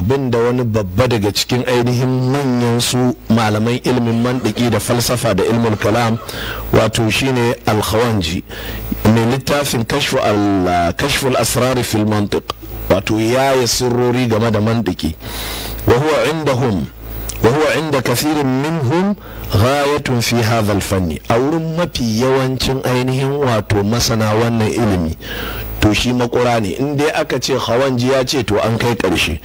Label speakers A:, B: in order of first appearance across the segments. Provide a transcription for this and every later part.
A: abin da wani babba daga cikin ainihin manyan su malaman ilmin mandiki da falsafa da ilmin kalam wato shine alkhawanji mai littafin kashful asrari fil mantiq wato ya yi sirrori game da mandiki wa huwa indahum wa huwa inda kathirin minhum ghayatun fi hadha fanni a wurin mafi yawancin ainihin wato masana wannan ilimi to shi makura ne in dai aka ce ji ya ce to an kai karshe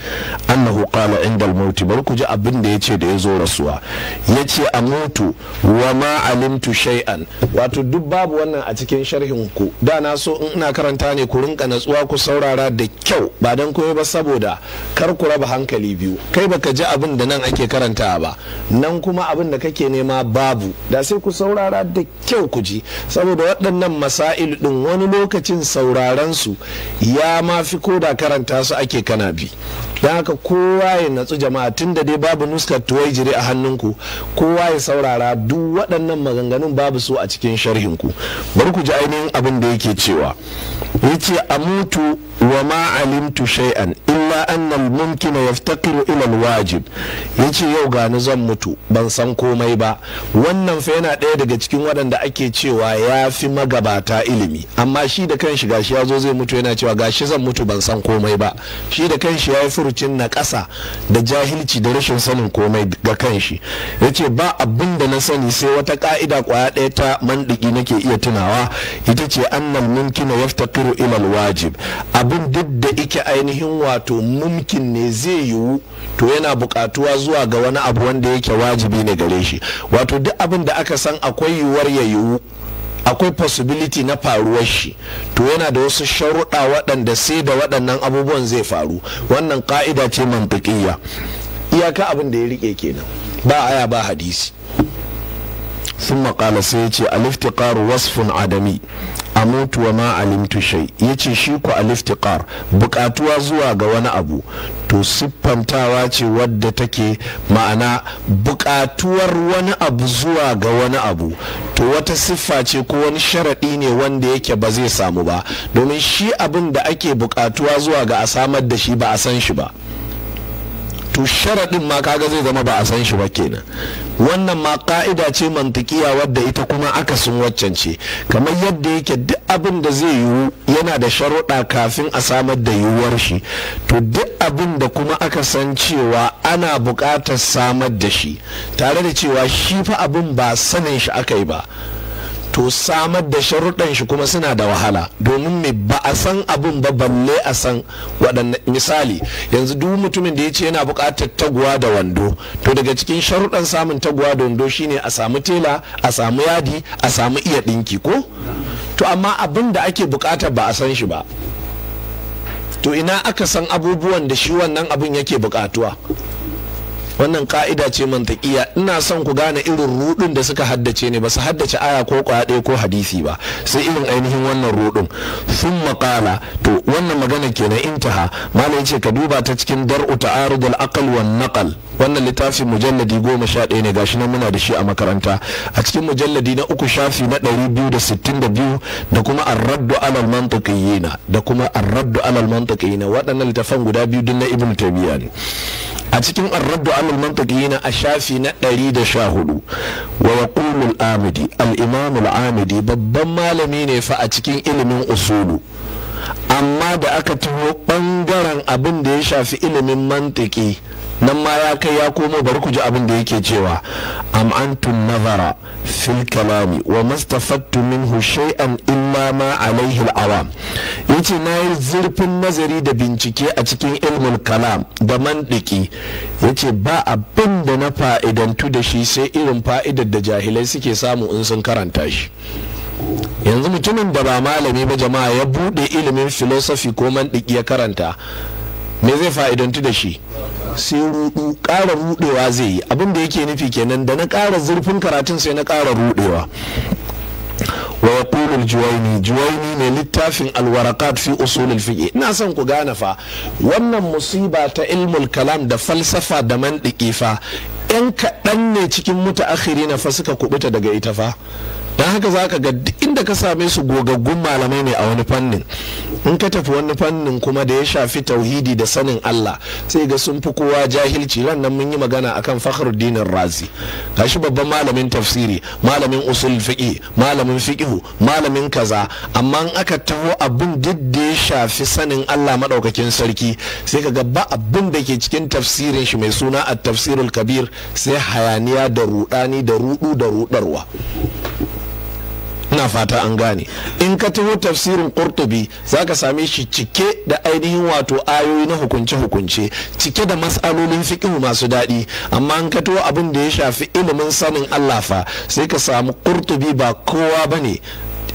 A: annahu qala inda mauti bar ku ji abin da ya da yazo rasuwa yace amutu a mutu wa ma alimtu shay'an wato duk babu wannan a cikin sharhin ku da na so in ina karanta ne ku rinka natsuwa ku saurara da kyau ba dan koyo ba saboda kar ku raba hankali biyu kai baka ji abin da nan ake karanta ba nan kuma abin da kake nema babu da sai ku saurara da kyau ku ji saboda waɗannan masail din wani lokacin saurara ma'anansu ya ma fi ko da karanta su ake kana bi don haka kowa ya natsu jama'a tun da dai babu nuskar tuwai jiri a hannunku kowa ya saurara duk waɗannan maganganun babu su a cikin sharhinku bari ku ji ainihin abin da yake cewa yace amutu wa ma alimtu shay'an illa anna al-mumkina yaftaqiru ila al-wajib yace yau ga ni zan mutu ban san komai ba wannan fa yana ɗaya daga cikin waɗanda ake cewa ya fi magabata ilimi amma shi da kanshi gashi ya zo zai mutu yana cewa gashi zan mutu ban san komai ba shi da kanshi ya yi lokacin na ƙasa da jahilci da rashin sanin komai ga kanshi ya ce ba abin da na sani sai wata ka'ida kwaya ɗaya ta mandiki nake iya tunawa ita ce annal mumkin yaftaqiru ilal wajib abin duk da ike ainihin wato mumkin ne zai yiwu to yana buƙatuwa zuwa ga wani abu wanda yake wajibi ne gare shi wato duk abin da aka san akwai yiwuwar ya yiwu akwai possibility na faruwar shi to yana da wasu sharuɗa waɗanda sai da waɗannan abubuwan zai faru wannan ka'ida ce mantiƙiyya iyaka abin da ya rike kenan ba aya ba hadisi sun maƙala sai ya ce aliftiƙaru wasfin adami a wa ma alimtu shai ya ce shi ku aliftiqar bukatuwa zuwa ga wani abu to siffantawa ce wadda take ma'ana buƙatuwar wani abu zuwa ga wani abu to wata siffa ce ko wani sharaɗi ne wanda yake ba zai samu ba domin shi abin da ake buƙatuwa zuwa ga a samar da shi ba a san shi ba to sharaɗin ma kaga zai zama ba a san shi ba kenan wannan ma ka'ida ce mantikiya wadda ita kuma aka sun waccan ce kamar yadda yake duk abin da zai yiwu yana da sharuɗa kafin a samar da yiwuwar shi to duk abin da kuma aka san cewa ana buƙatar samar da shi tare da cewa shi fa abin ba sanin shi aka yi ba to samar da sharuɗan shi kuma suna da wahala domin me ba a san abin ba balle a san waɗannan misali yanzu duk mutumin da ya ce yana buƙatar taguwa da wando to daga cikin sharuɗan samun taguwa da wando shine a samu tela a samu yadi a samu iya ɗinki ko to amma abin da ake buƙata ba a san shi ba to ina aka san abubuwan da shi wannan abin yake buƙatuwa wannan ka'ida ce mantakiya ina son ku gane irin rudin da suka haddace ne ba su haddace aya ko kwaɗe ko hadisi ba sai irin ainihin wannan rudin sun maƙala to wannan magana kenan in ta intaha malam ce ka duba ta cikin dar'u da aqal wan naqal wannan littafi mujalladi goma sha ɗaya ne gashi nan muna da shi a makaranta a cikin mujalladi na uku shafi na ɗari biyu da sittin da biyu da kuma arraddu alal mantakiyina da kuma arraddu alal mantakiyina waɗannan littafan guda biyu din na ibnu taymiya ne a cikin ar amul mantaki yana a shafi na 114 wa yaqulu al-amidi al imamul amidi babban malami ne fa a cikin ilimin usulu amma da aka taho ɓangaren abin da ya shafi ilimin mantaki nan ma ya kai ya komo bari ku ji abin da yake cewa am antum nazara fil kalami wa mastafattu minhu shay'an illa ma alaihi al-awam yace na yi zurfin nazari da bincike a cikin ilmul kalam da mandiki yace ba abin da na fa'idantu da shi sai irin fa'idar da jahilai suke samu in sun karanta shi yanzu mutumin da ba malami ba jama'a ya bude ilimin filosofi ko mandiki ya karanta me zai fa'idantu da shi sai rudu ƙara rudewa zai yi abin da yake nufi kenan da na ƙara zurfin karatun sai na ƙara rudewa wa yaqulul juwaini juwaini ne littafin alwarakat fi usulul fiƙe ina son ku gane fa wannan musiba ta ilmul kalam da falsafa da mandiki fa yan kaɗan ne cikin muta na fa suka kubuta daga ita fa don haka za ka ga inda ka same su gogaggun malamai ne a wani fannin in ka tafi wani fannin kuma da ya shafi tauhidi da sanin Allah sai ga sun fi kowa jahilci ran nan mun yi magana akan dinar Razi gashi babban malamin tafsiri malamin usul fiqi malamin fiqhu malamin kaza amma in aka taho abin da ya shafi sanin Allah madaukakin sarki sai ka ga ba abin da ke cikin tafsirin shi mai suna at-tafsirul kabir sai hayaniya da rudani da rudu da rudarwa ina fata an gane in ka taho tafsirin qurtubi zaka same shi cike da ainihin wato ayoyi na hukunce hukunce cike da mas'alolin fiqhu masu daɗi amma in ka taho abin da ya shafi ilimin sanin Allah fa sai ka samu kurtubi ba kowa bane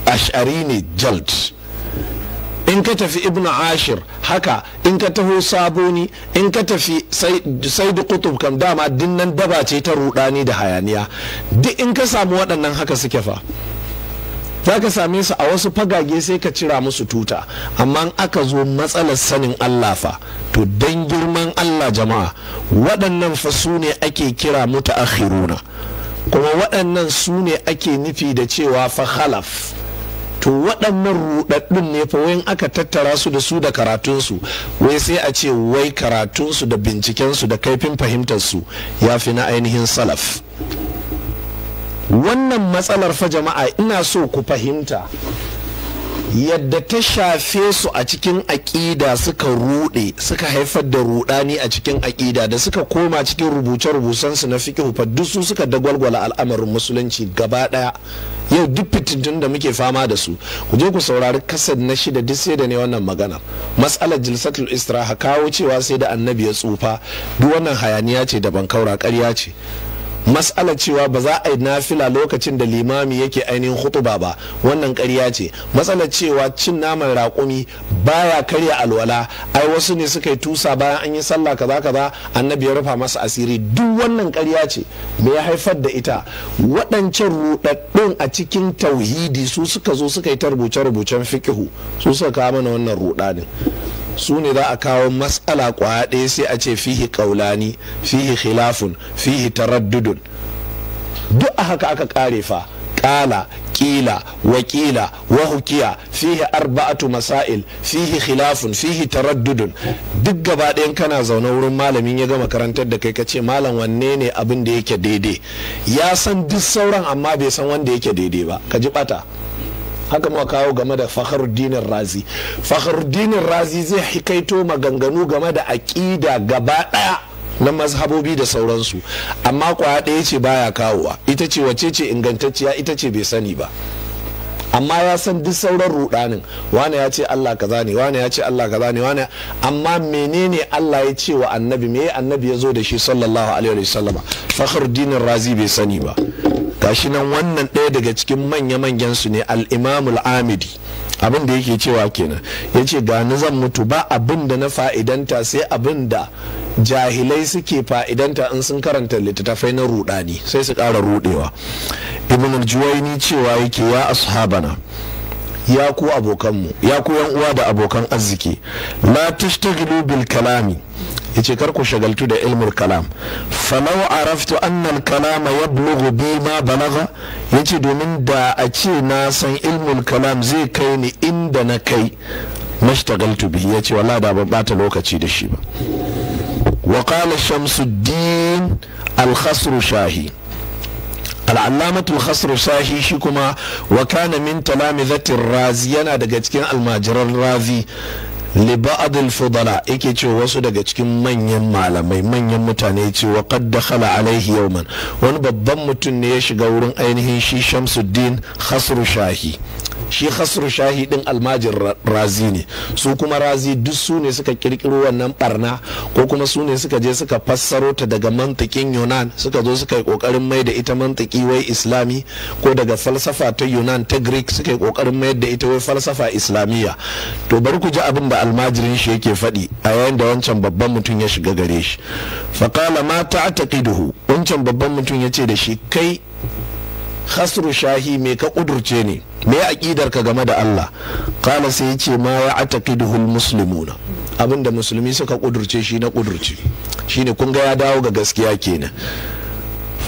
A: ash'ari ne jalt in ka tafi ibn ashir haka in ka taho saboni in ka tafi sai da kutub kam dama dinnan daba ce ta rudani da hayaniya duk in ka samu waɗannan haka suke fa za ka same su a wasu fagage sai ka cira musu tuta amma aka zo matsalar sanin Allah fa to dan girman Allah jama'a waɗannan fa su ne ake kira muta akhiruna kuma waɗannan su ne ake nufi da cewa fa halaf to waɗannan ruɗaɗɗun ne fa wayan aka tattara su da su da karatunsu wai sai a ce wai karatunsu da bincikensu da kaifin fahimtarsu ya fi na ainihin salaf wannan matsalar fa jama'a ina so ku fahimta yadda ta shafe su a cikin aƙida suka ruɗe suka haifar da ruɗani a cikin aƙida da suka koma cikin rubuce-rubucensu na fiƙihu fa duk su suka dagwalgwala al'amarin musulunci gaba ɗaya yau duk fitintun da muke fama da su ku je ku saurari kasar na shida duk sai da ne wannan magana matsalar jilsatul istiraha kawo cewa sai da annabi ya tsufa duk wannan hayaniya ce da bankaura ƙarya ce mas'ala cewa ba za a yi nafila lokacin da limami yake ainihin hutuba ba wannan ƙarya ce matsala cewa cin naman raƙumi baya karya alwala ai wasu ne suka yi tusa bayan an yi sallah kaza kaza annabi ya rufa masa asiri duk wannan ƙarya ce me ya haifar da ita waɗancan ruɗaɗɗun a cikin tauhidi su suka zo suka yi ta rubuce-rubucen fikihu su suka kawo mana wannan ruɗanin su ne za a kawo matsala kwaya ɗaya sai a ce fihi kaulani fihi khilafun fihi taraddudun duk a haka aka kare fa kala kila wakila wahukiya fihi arba'atu masail fihi khilafun fihi taraddudun duk gaba ɗayan kana zaune wurin malamin ya gama karantar da kai kace malam wanne ne abin da yake daidai ya san duk sauran amma bai san wanda yake daidai ba ka ji bata haka muka kawo game da fakhruddinin razi fakhruddinin razi zai hikaito maganganu game da aƙida gaba daya na mazhabobi da sauransu amma kwaya ɗaya ce baya kawowa ita ce wace ce ingantacciya ita ce bai sani ba amma ya san duk sauran rudanin wane ya ce Allah kaza ne wane ya ce Allah kaza ne wane amma menene Allah ya ce wa annabi me annabi ya zo da shi sallallahu alaihi wa sallama fakhruddin razi bai sani ba gashi nan wannan ɗaya daga cikin manya-manyan su ne al-imamul amidi abin da yake cewa kenan ya ce gani zan mutu ba abin da na fa'idanta sai abin da jahilai suke fa'idanta in sun karanta littattafai na rudani sai su kara ruɗewa ibn juwaini cewa yake ya ashabana ya ku abokanmu ya ku yan uwa da abokan arziki la tashtaghilu bil kalami yace kar ku shagaltu da ilmul kalam falau araftu annal kalama yablughu bi ma balagha yace domin da a ce na san ilmul kalam zai kai ni inda na kai mashtagaltu bi yace wala da ban bata lokaci da shi ba wa qala shamsuddin al-khasru shahi al'allamatul khasru sahi shi kuma wa kana min talamizatir razi yana daga cikin almajiran razi liba'adul fudala yake ce wasu daga cikin manyan malamai manyan mutane ce wa qad dakhala alaihi yawman wani babban mutum ne ya shiga wurin ainihin shi Shamsuddin Khasru Shahi shi khasru shahidin almajir razi ne su kuma razi duk su ne suka kirkiro wannan barna ko kuma su ne suka je suka fassaro ta daga mantikin yunan suka zo suka yi kokarin mai da ita mantiki wai islami ko daga falsafa ta yunan ta greek suka yi kokarin mai da ita wai falsafa islamiyya to bari ku ji abin da almajirin shi yake faɗi a yayin da wancan babban mutum ya shiga gare shi faqala ma ta'taqiduhu wancan babban mutum ya ce da shi kai khasru shahi me ka kudurce ne me aqidar ka game da Allah kana sai yace ma ya ya'taqiduhu almuslimuna abinda musulmi suka kudurce shi na kudurce shine kun ga ya dawo ga gaskiya kenan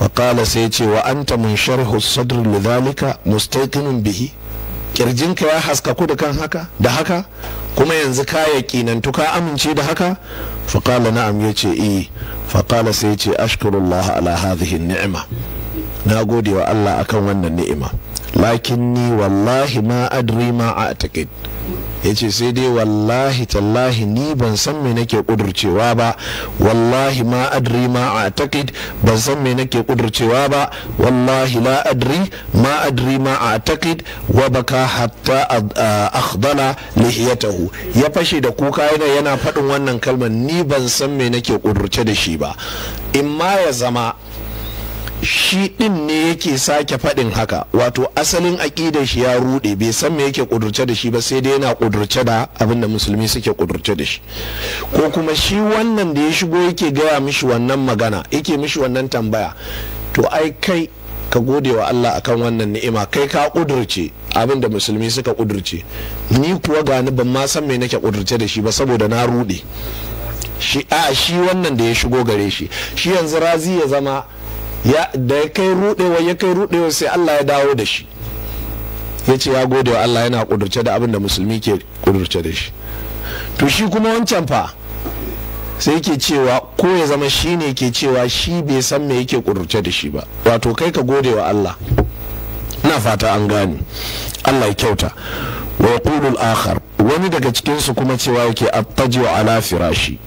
A: faƙala sai ce wa anta mun sharhu sadr zalika mustaqinun bihi kirjinka ya haskaku da kan haka da haka kuma yanzu ka to ka amince da haka faƙala na'am yace eh faƙala sai ce ashkurullah ala hadhihi ni'ima na gode wa Allah akan wannan ni'ima lakin ni wallahi ma adri ma a taƙid ya ce sai dai wallahi tallahi ni ban san me nake kudurcewa ba wallahi ma adri ma a taƙid ban san me nake kudurcewa ba wallahi la adri ma adri ma a taƙid wa baka hatta akhdala lihiyatahu ya fashe da kuka yana yana faɗin wannan kalmar ni ban san me nake kudurce da shi ba in ma ya zama shi din ne yake sake faɗin haka wato asalin aƙidar shi ya ruɗe bai san me yake kudurce da shi ba sai dai yana kudurce da abin da musulmi suke ƙudurce da shi ko kuma shi wannan da ya shigo yake gaya mishi wannan magana yake mishi wannan tambaya to ai kai ka gode wa Allah akan wannan ni'ima kai ka kudurce abin da musulmi suka kudurce ni kuwa gani ban ma san me nake kudurce da shi ba saboda na rude shi a shi wannan da ya shigo gare shi shi yanzu razi ya zama da ya kai rudewa ya kai rudewa sai Allah ya dawo da shi ya ce ya gode wa Allah yana kudurce da abin da musulmi ke kudurce da shi to shi kuma wancan fa sai yake cewa ko ya zama shi ne ke cewa shi bai san me yake kudurce da shi ba wato kai ka gode wa Allah na fata an gane Allah ya kyauta wa yaqulu akhar wani daga cikin su kuma cewa yake attaji'u ala firashi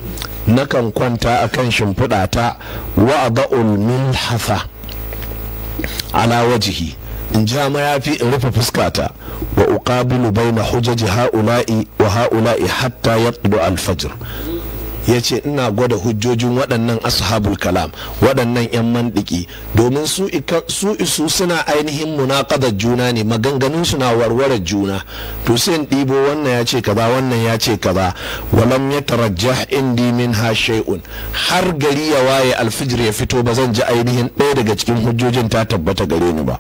A: nakan kwanta a kan shimfiɗata wa ba'ul milhafa ala wajihi in ja mayafi in rufe fuskata wa uqabilu baina hujaji ha'ula'i wa ha'ula'i hatta yaqdu al-fajr ya ce ina gwada hujjojin waɗannan ashabul kalam waɗannan 'yan mandiki domin su isu suna ainihin munakadar juna ne maganganun na warware juna to ɗibo wannan ya ce kaza wannan ya ce kaza walam ya tarajjah indi min ha shay'un har gari ya waye alfijir ya fito ba zan ji ainihin ɗaya daga cikin hujjojin ta tabbata gare ni ba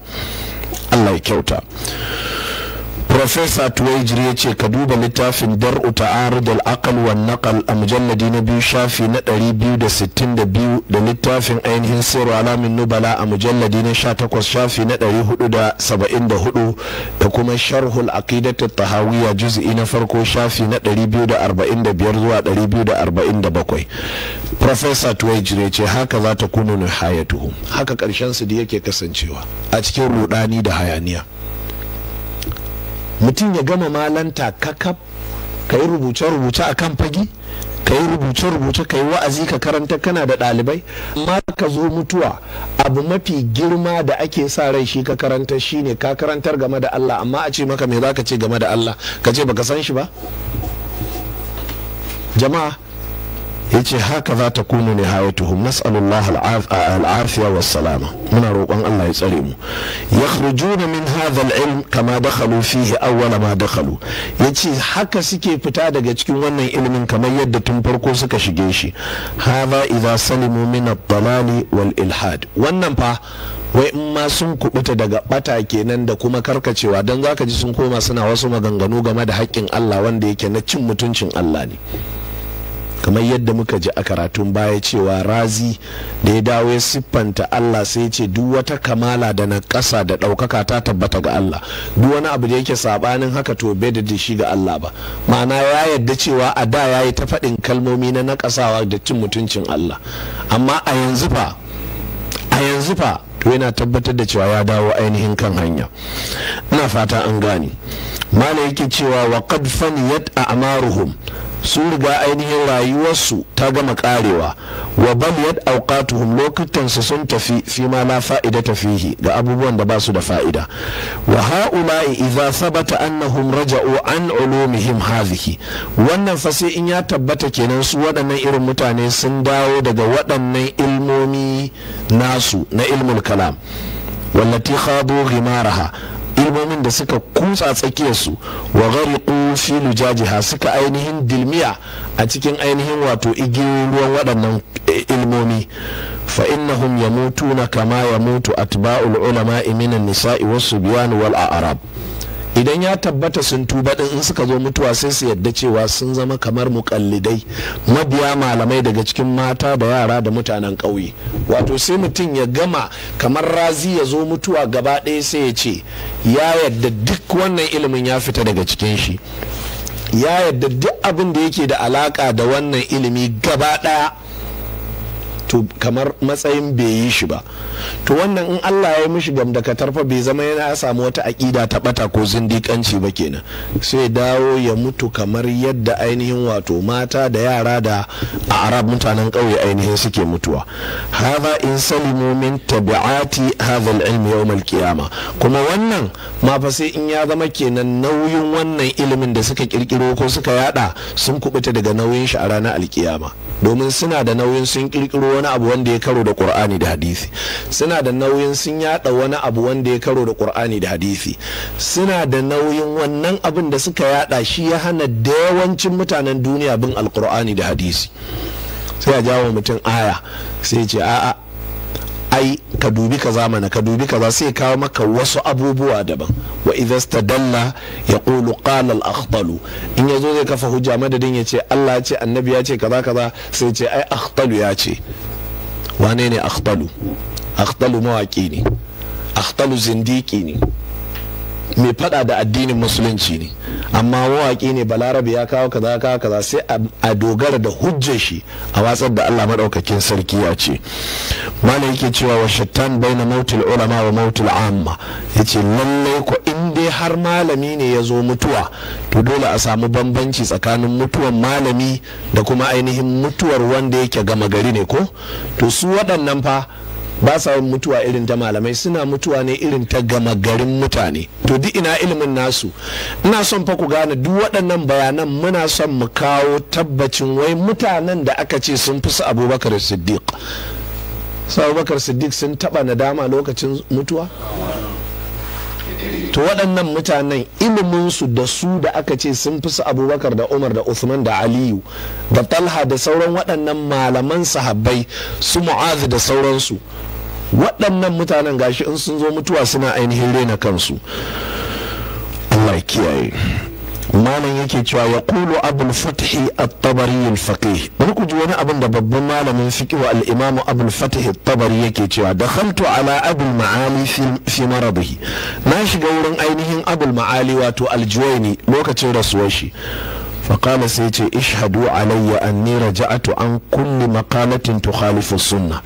A: Allah ya kyauta Profesa Tuwaijiri ya ce ka duba littafin dar'u taar da aqal wa naƙal a mujalladi na biyu shafi na 262 da littafin ainihin sirru alamin nubala a mujalladi na 18 shafi na 474 da kuma sharhul aqidat tahawiyya juz'i na farko shafi na 245 zuwa 247 Profesa Tuwaijiri ya ce haka za ta kunu nihayatuhu haka karshen su da yake kasancewa a cikin rudani da hayaniya mutum ya gama malanta kakaf ka yi rubuce-rubuce a kan fagi ka yi rubuce-rubuce ka yi wa'azi ka karanta kana da ɗalibai amma ka zo mutuwa abu mafi girma da ake sa rai shi ka karanta shi ne ka karantar game da Allah amma a ce maka me za ka ce game da Allah ka ce baka san shi ba jama'a yace haka za ta kunu ne hayatuhum nas'alullah al'afiya wa salama muna roƙon Allah ya tsare mu yakhrujuna min hadha ilm kama dakhalu fihi awwal ma dakhalu yace haka suke fita daga cikin wannan ilimin kamar yadda tun farko suka shige shi hadha iza salimu min ad wal ilhad wannan fa wai in ma sun kubuta daga bata kenan da kuma karkacewa don zaka ji sun koma suna wasu maganganu game da haƙƙin Allah wanda yake na cin mutuncin Allah ne kamar yadda muka ji a karatun baya cewa razi da ya dawo ya siffanta Allah sai ya ce duk wata kamala da na ƙasa da ɗaukaka ta tabbata ga Allah duk wani abu da yake sabanin haka to bai da shi ga Allah ba ma'ana ya yadda cewa a da ya yi ta faɗin kalmomi na naƙasawa da cin mutuncin Allah amma a yanzu fa a yanzu fa to yana tabbatar da cewa ya dawo ainihin kan hanya ina fata an gane mala yake cewa wa qad faniyat a'maruhum su riga ainihin rayuwarsu ta gama karewa wa yad awqatuhum lokutan su sun tafi fi ma la fa'idata fihi ga abubuwan da ba su da fa'ida wa ha'ula'i idza sabata annahum raja'u an ulumihim hadhihi wannan fa in ya tabbata kenan su waɗannan irin mutane sun dawo daga waɗannan ilmomi nasu na ilmul kalam wallati khadu ghimaraha ilmomin da suka kutsa tsakiyarsu wa ghariqu fi lujajiha suka ainihin dilmiya a cikin ainihin wato igiyoyin ruwan waɗannan eh, ilmomi fa innahum na kama ya yamutu atba'ul ulama'i minan nisa'i wasu subyan wal a'rab idan ya tabbata sun tuba din in suka zo mutuwa sai su yadda cewa sun zama kamar mukallidai mabiya malamai daga cikin mata da yara da mutanen ƙauye wato sai mutum ya gama kamar razi ya zo mutuwa gaba ɗaya sai ya ce ya yadda duk wannan ilimin ya fita daga cikin shi ya yadda duk abin da yake da alaka da wannan ilimi gaba ɗaya to kamar matsayin bai yi shi ba to wannan in Allah ya yi mishi ka tarfa bai zama yana samu wata aƙida ta bata ko zindikanci ba kenan sai dawo ya mutu kamar yadda ainihin wato mata da yara da a arab mutanen ƙauye ainihin suke mutuwa hadha in salimu min tabi'ati hadha al-ilm yawm kuma wannan ma fa sai in ya zama kenan nauyin wannan ilimin da suka kirkiro ko suka yada sun kubuta daga nauyin shi a ranar alkiyama domin suna da nauyin sun kirkiro wani wani abu wanda ya karo da qur'ani da hadisi suna da nauyin sun yada wani abu wanda ya karo da qur'ani da hadisi suna da nauyin wannan abin da suka yada shi ya hana da yawancin mutanen duniya bin alqur'ani da hadisi sai a jawo mutum aya sai ce a'a ai ka dubi ka zamana ka dubi kaza sai kawo maka wasu abubuwa daban wa idza stadalla yaqulu qala al akhtalu in yazo zai kafa hujja madadin ya ce Allah ya ce annabi ya ce kaza kaza sai ce ai akhtalu ya ce wane ne akhtalu akhtalu mawaki ne akhtalu zindiki ne mai fada da addinin musulunci ne amma mawaki ne balarabe ya kawo kaza kawo kaza sai a dogara da hujjar shi a watsar da Allah madaukakin sarki ya ce malai yake cewa wa shattan baina mautul ulama wa mautul amma yace lallai ko sai har malami ne ya zo mutuwa to dole a samu bambanci tsakanin mutuwar malami da kuma ainihin mutuwar wanda yake gama gari ne ko to su waɗannan fa ba sa mutuwa irin ta malamai suna mutuwa ne irin ta gama garin mutane to duk ina ilimin nasu ina son fa ku gane duk waɗannan bayanan muna son mu kawo tabbacin wai mutanen da aka ce sun fi su abubakar siddiq su abubakar siddiq sun taɓa nadama lokacin mutuwa to waɗannan mutanen iliminsu da su da aka ce sun fi su abubakar da umar da usman da aliyu da talha da sauran waɗannan malaman sahabbai su mu'azu da sauransu waɗannan mutanen gashi in sun zo mutuwa suna ainihin rena kansu Allah kiyaye malam yake cewa ya kulu abul fathi at-tabari al-faqih bari ku wani abin da babban malamin fiqh wa al abul fathi at-tabari yake cewa dakhaltu ala abul ma'ali fi maradihi na shiga wurin ainihin abul ma'ali wato al ne lokacin rasuwar shi faƙala sai ce ishadu alayya anni raja'atu an kulle makalatin tukhalifu sunna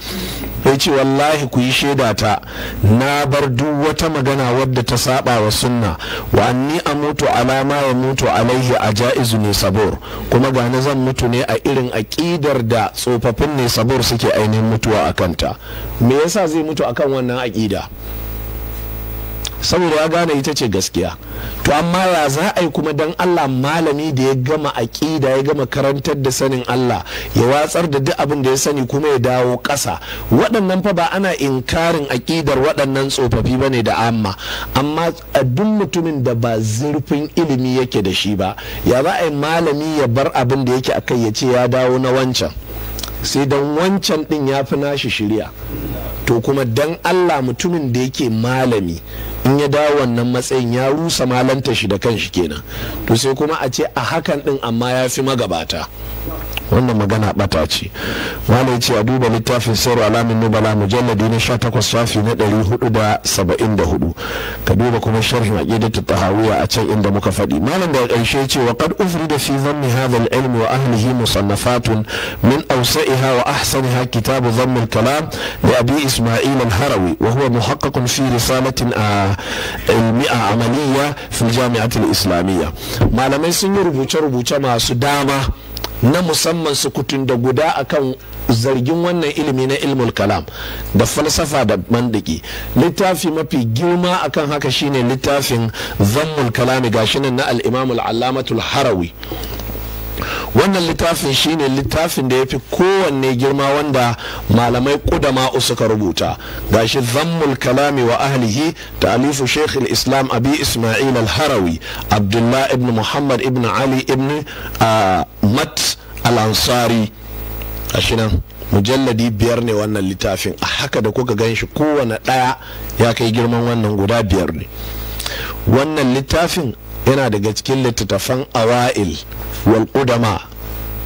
A: ya ce wallahi kuyi shaida ta na bar duk wata magana wadda ta saɓa wa sunna wa anni amutu ala ma ya mutu alaihi a ja'izu ne sabor kuma ga na zan mutu ne a irin aƙidar da tsofaffin ne sabor suke ainihin mutuwa a kanta me yasa zai mutu akan wannan aƙida saboda ya gane ita ce gaskiya to amma ya za a yi kuma dan Allah malami da ya gama aƙida ya gama karantar da sanin Allah ya watsar da duk abin da ya sani kuma ya dawo ƙasa waɗannan fa ba ana inkarin aƙidar waɗannan tsofaffi ba ne da amma amma a duk mutumin da ba zurfin ilimi yake da shi ba ya za a yi malami ya bar abin da yake akai ya ce ya dawo na wancan sai dan wancan din ya fi nashi shirya to kuma dan Allah mutumin da yake malami in ya dawo wannan matsayin ya rusa malanta shi da kan shi kenan to sai kuma a ce a hakan din amma ya fi magabata wannan magana bata ce wani ya ce a duba littafin sayar alamin nubala mujalladi na sha takwas safi na ɗari hudu da da saba'in hudu ka duba kuma sharhin ta tahawiya a can inda muka faɗi malam da ƙarshe ce wa ufuri da fi dhammi hadha al-ilm wa ahlihi musannafatun min iha wa ahsaniha ha kitabu zammun kalam da abi isma'il al-harawi wa huwa muhaqqaqun fi risalatin a ilmi a amaliya fi jami'atul islamiyya malamai sun yi rubuce-rubuce masu dama na musamman su da guda akan zargin wannan ilimi na ilmul kalam da falsafa da mandiki littafi mafi girma akan haka shine littafin zammul kalami gashi nan na al'imamul alamatul harawi wannan littafin shine littafin da ya fi kowanne girma wanda malamai kudama suka rubuta gashi zammul kalami wa ahlihi ta alifu sheikh islam abi ismail al-harawi abdullah ibn muhammad ibn ali ibn ah, mat al-ansari nan mujalladi biyar ne wannan littafin a haka da kuka ganshi shi kowane ɗaya ya kai girman wannan guda biyar ne wannan littafin yana daga cikin littattafan awa'il wal udama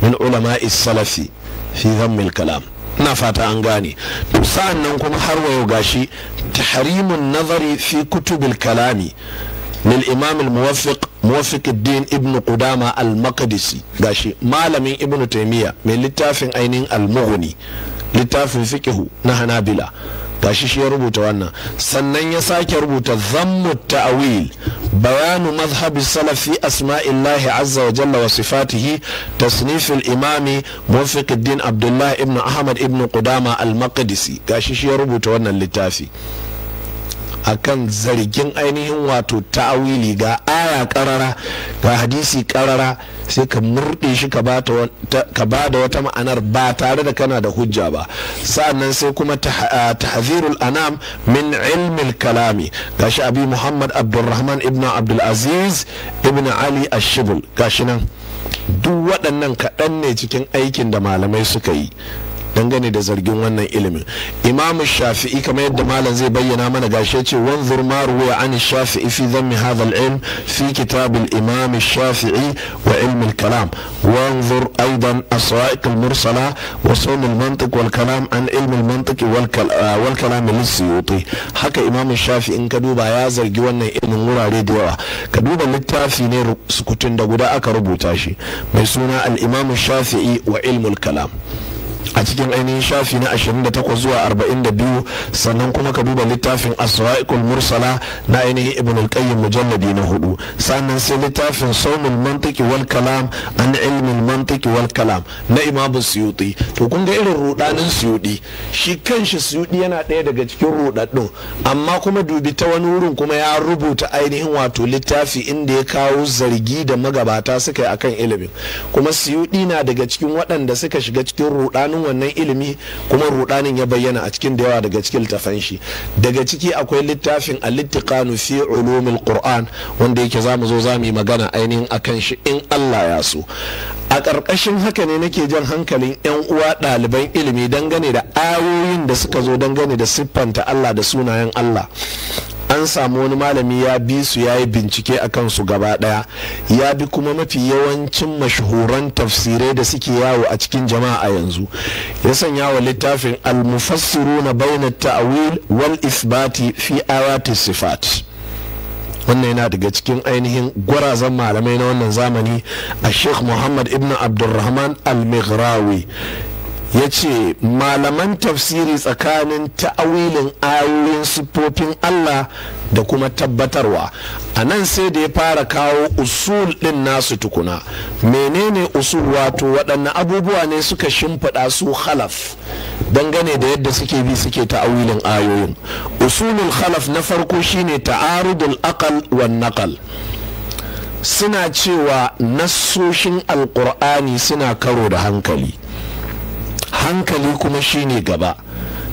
A: min ulama salafi fi zammil kalam ina fata an gane to sa'an nan kuma har wayo gashi tahrimun nazari fi kutubil kalami lil imam al muwaffiq muwaffiq din ibn qudama al maqdisi gashi malamin Ibnu taymiya mai littafin ainihin al mughni littafin fiqhu na hanabila gashi shi ya rubuta wannan sannan ya sake rubuta zammu ta'awil bayanu mazhabi salafi asma'illahi azza wa jalla wa sifatihi tasnifil imami muwaffiq din abdullah ibn ahmad ibn qudama al-maqdisi gashi shi ya rubuta wannan littafi akan zargin ainihin wato ta'awili ga aya karara ga hadisi karara sai ka murɗe shi ka ba da wata ma'anar ba tare da kana da hujja ba sa'annan sai kuma ah, tahzirul anam min ilmil kalami shi abi muhammad abdulrahman ibn abdulaziz ibn ali ashibul shi nan duk waɗannan kaɗan ne cikin aikin da malamai suka yi dangane da zargin wannan ilimin imam shafi'i kamar yadda malam zai bayyana mana gashi ce wan ma ruwa an shafi'i fi dhammi hadha al-ilm fi kitab al-imam shafi'i wa ilm al-kalam wanzur aidan as al-mursala wa sawm al-mantiq wal-kalam an ilm al-mantiq ah, wal-kalam al-suyuti haka imam shafi'i in ya zargi wannan ilimin wurare da yawa ka littafi ne sukutun da guda aka rubuta shi mai suna al-imam shafi'i wa ilm al-kalam a cikin ainihin shafi na 28 zuwa 42 sannan kuma ka duba littafin asra'ikul mursala na ainihin ibn al-qayyim na hudu sannan sai littafin saunin mantiki wal kalam an ilmin mantiki wal kalam na imamu suyuti to kun ga irin rudanin suyuti shi kanshi suyuti yana ɗaya daga cikin rudaddun amma kuma dubi ta wani wurin kuma ya rubuta ainihin wato littafi inda ya kawo zargi da magabata suka yi akan ilimin kuma suyuti na daga cikin waɗanda suka shiga cikin rudanin rudanin wannan ilimi kuma rudanin ya bayyana a cikin da yawa daga cikin littafan shi daga ciki akwai littafin al-ittiqanu fi ulumil qur'an wanda yake zamu zo zamu yi magana ainihin akan shi in Allah ya so a ƙarƙashin haka ne nake jan hankalin 'yan uwa ɗaliban ilimi dangane da ayoyin da suka zo dangane da siffanta Allah da sunayen Allah an samu wani malami ya bi su ya yi bincike a kansu gaba ɗaya ya bi kuma mafi yawancin mashahuran tafsirai da suke yawo a cikin jama'a a yanzu ya sanya wa littafin almufassiru na baina ta'awil wal isbati fi awati sifat wannan yana daga cikin ainihin gwarazan malamai na wannan zamani a sheikh muhammad ibn abdulrahman al-mighrawi ya ce malaman tafsiri tsakanin ta'awilin ayoyin siffofin Allah da kuma tabbatarwa a nan sai da ya fara kawo usul ɗin nasu tukuna menene usul wato waɗanne abubuwa ne suka shimfiɗa su khalaf dangane da yadda suke bi suke ta'awilin ayoyin usulul khalaf na farko shine ta'arudul aqal wan naqal suna cewa nassoshin alkur'ani suna karo da hankali hankali kuma shine gaba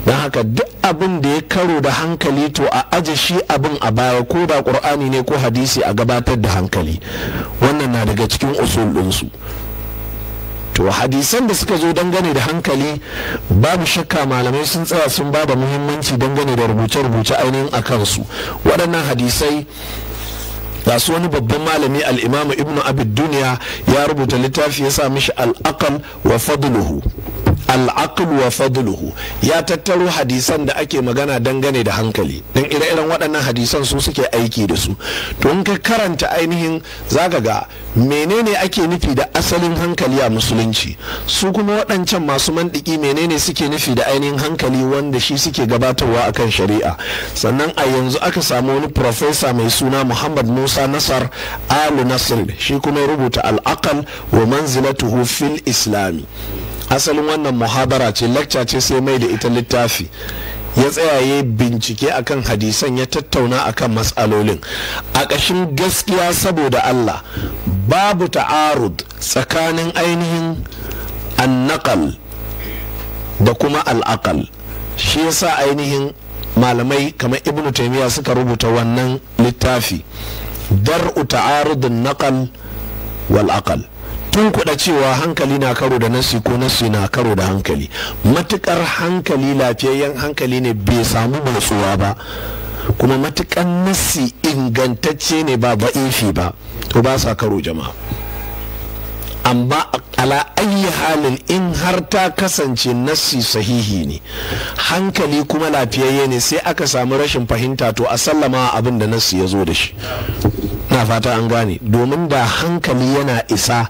A: don haka duk abin da ya karo da hankali to a aje shi abin a baya ko da ƙur'ani ne ko hadisi a gabatar da hankali wannan na daga cikin usul ɗinsu to hadisan da suka zo dangane da hankali babu shakka malamai sun tsaya sun ba da muhimmanci dangane da rubuce-rubuce ainihin a kansu waɗannan hadisai ga su wani babban malami al'imamu ibnu abid duniya ya rubuta littafi ya sa mishi al'akal wa fadluhu al'aqlu wa fadluhu ya tattaro hadisan da ake magana dangane da hankali don ire-iren waɗannan hadisan su suke aiki da su to in ka karanta ainihin zaka ga menene ake nufi da asalin hankali a musulunci su kuma waɗancan masu mandiki menene suke nufi da ainihin hankali wanda shi suke gabatarwa akan shari'a sannan a yanzu aka samu wani profesa mai suna muhammad musa nasar alu nasir shi kuma rubuta al'akal wa manzilatuhu fil islami asalin wannan muhabara ce lacca ce sai mai da ita littafi ya tsayaye bincike akan hadisan ya tattauna akan matsalolin a ƙashin gaskiya saboda Allah babu ta'arud tsakanin ainihin annakal da kuma al'akal shi yasa ainihin malamai kamar ibn taymiya suka rubuta wannan littafi dar'u ta'arudun naqal wal aqal tun kuɗa cewa hankali na karo da nasi ko nasi na karo da hankali matukar hankali lafiyayyen hankali ne bai samu matsuwa ba kuma matukan nasi ingantacce ne ba ba'ifi ba to ba sa karo jama'a amma ala ayi halin in har ta kasance nassi sahihi ne hankali kuma lafiyayye ne sai aka samu rashin fahimta to a sallama abin da nassi ya zo da shi na fata an gane domin da hankali yana isa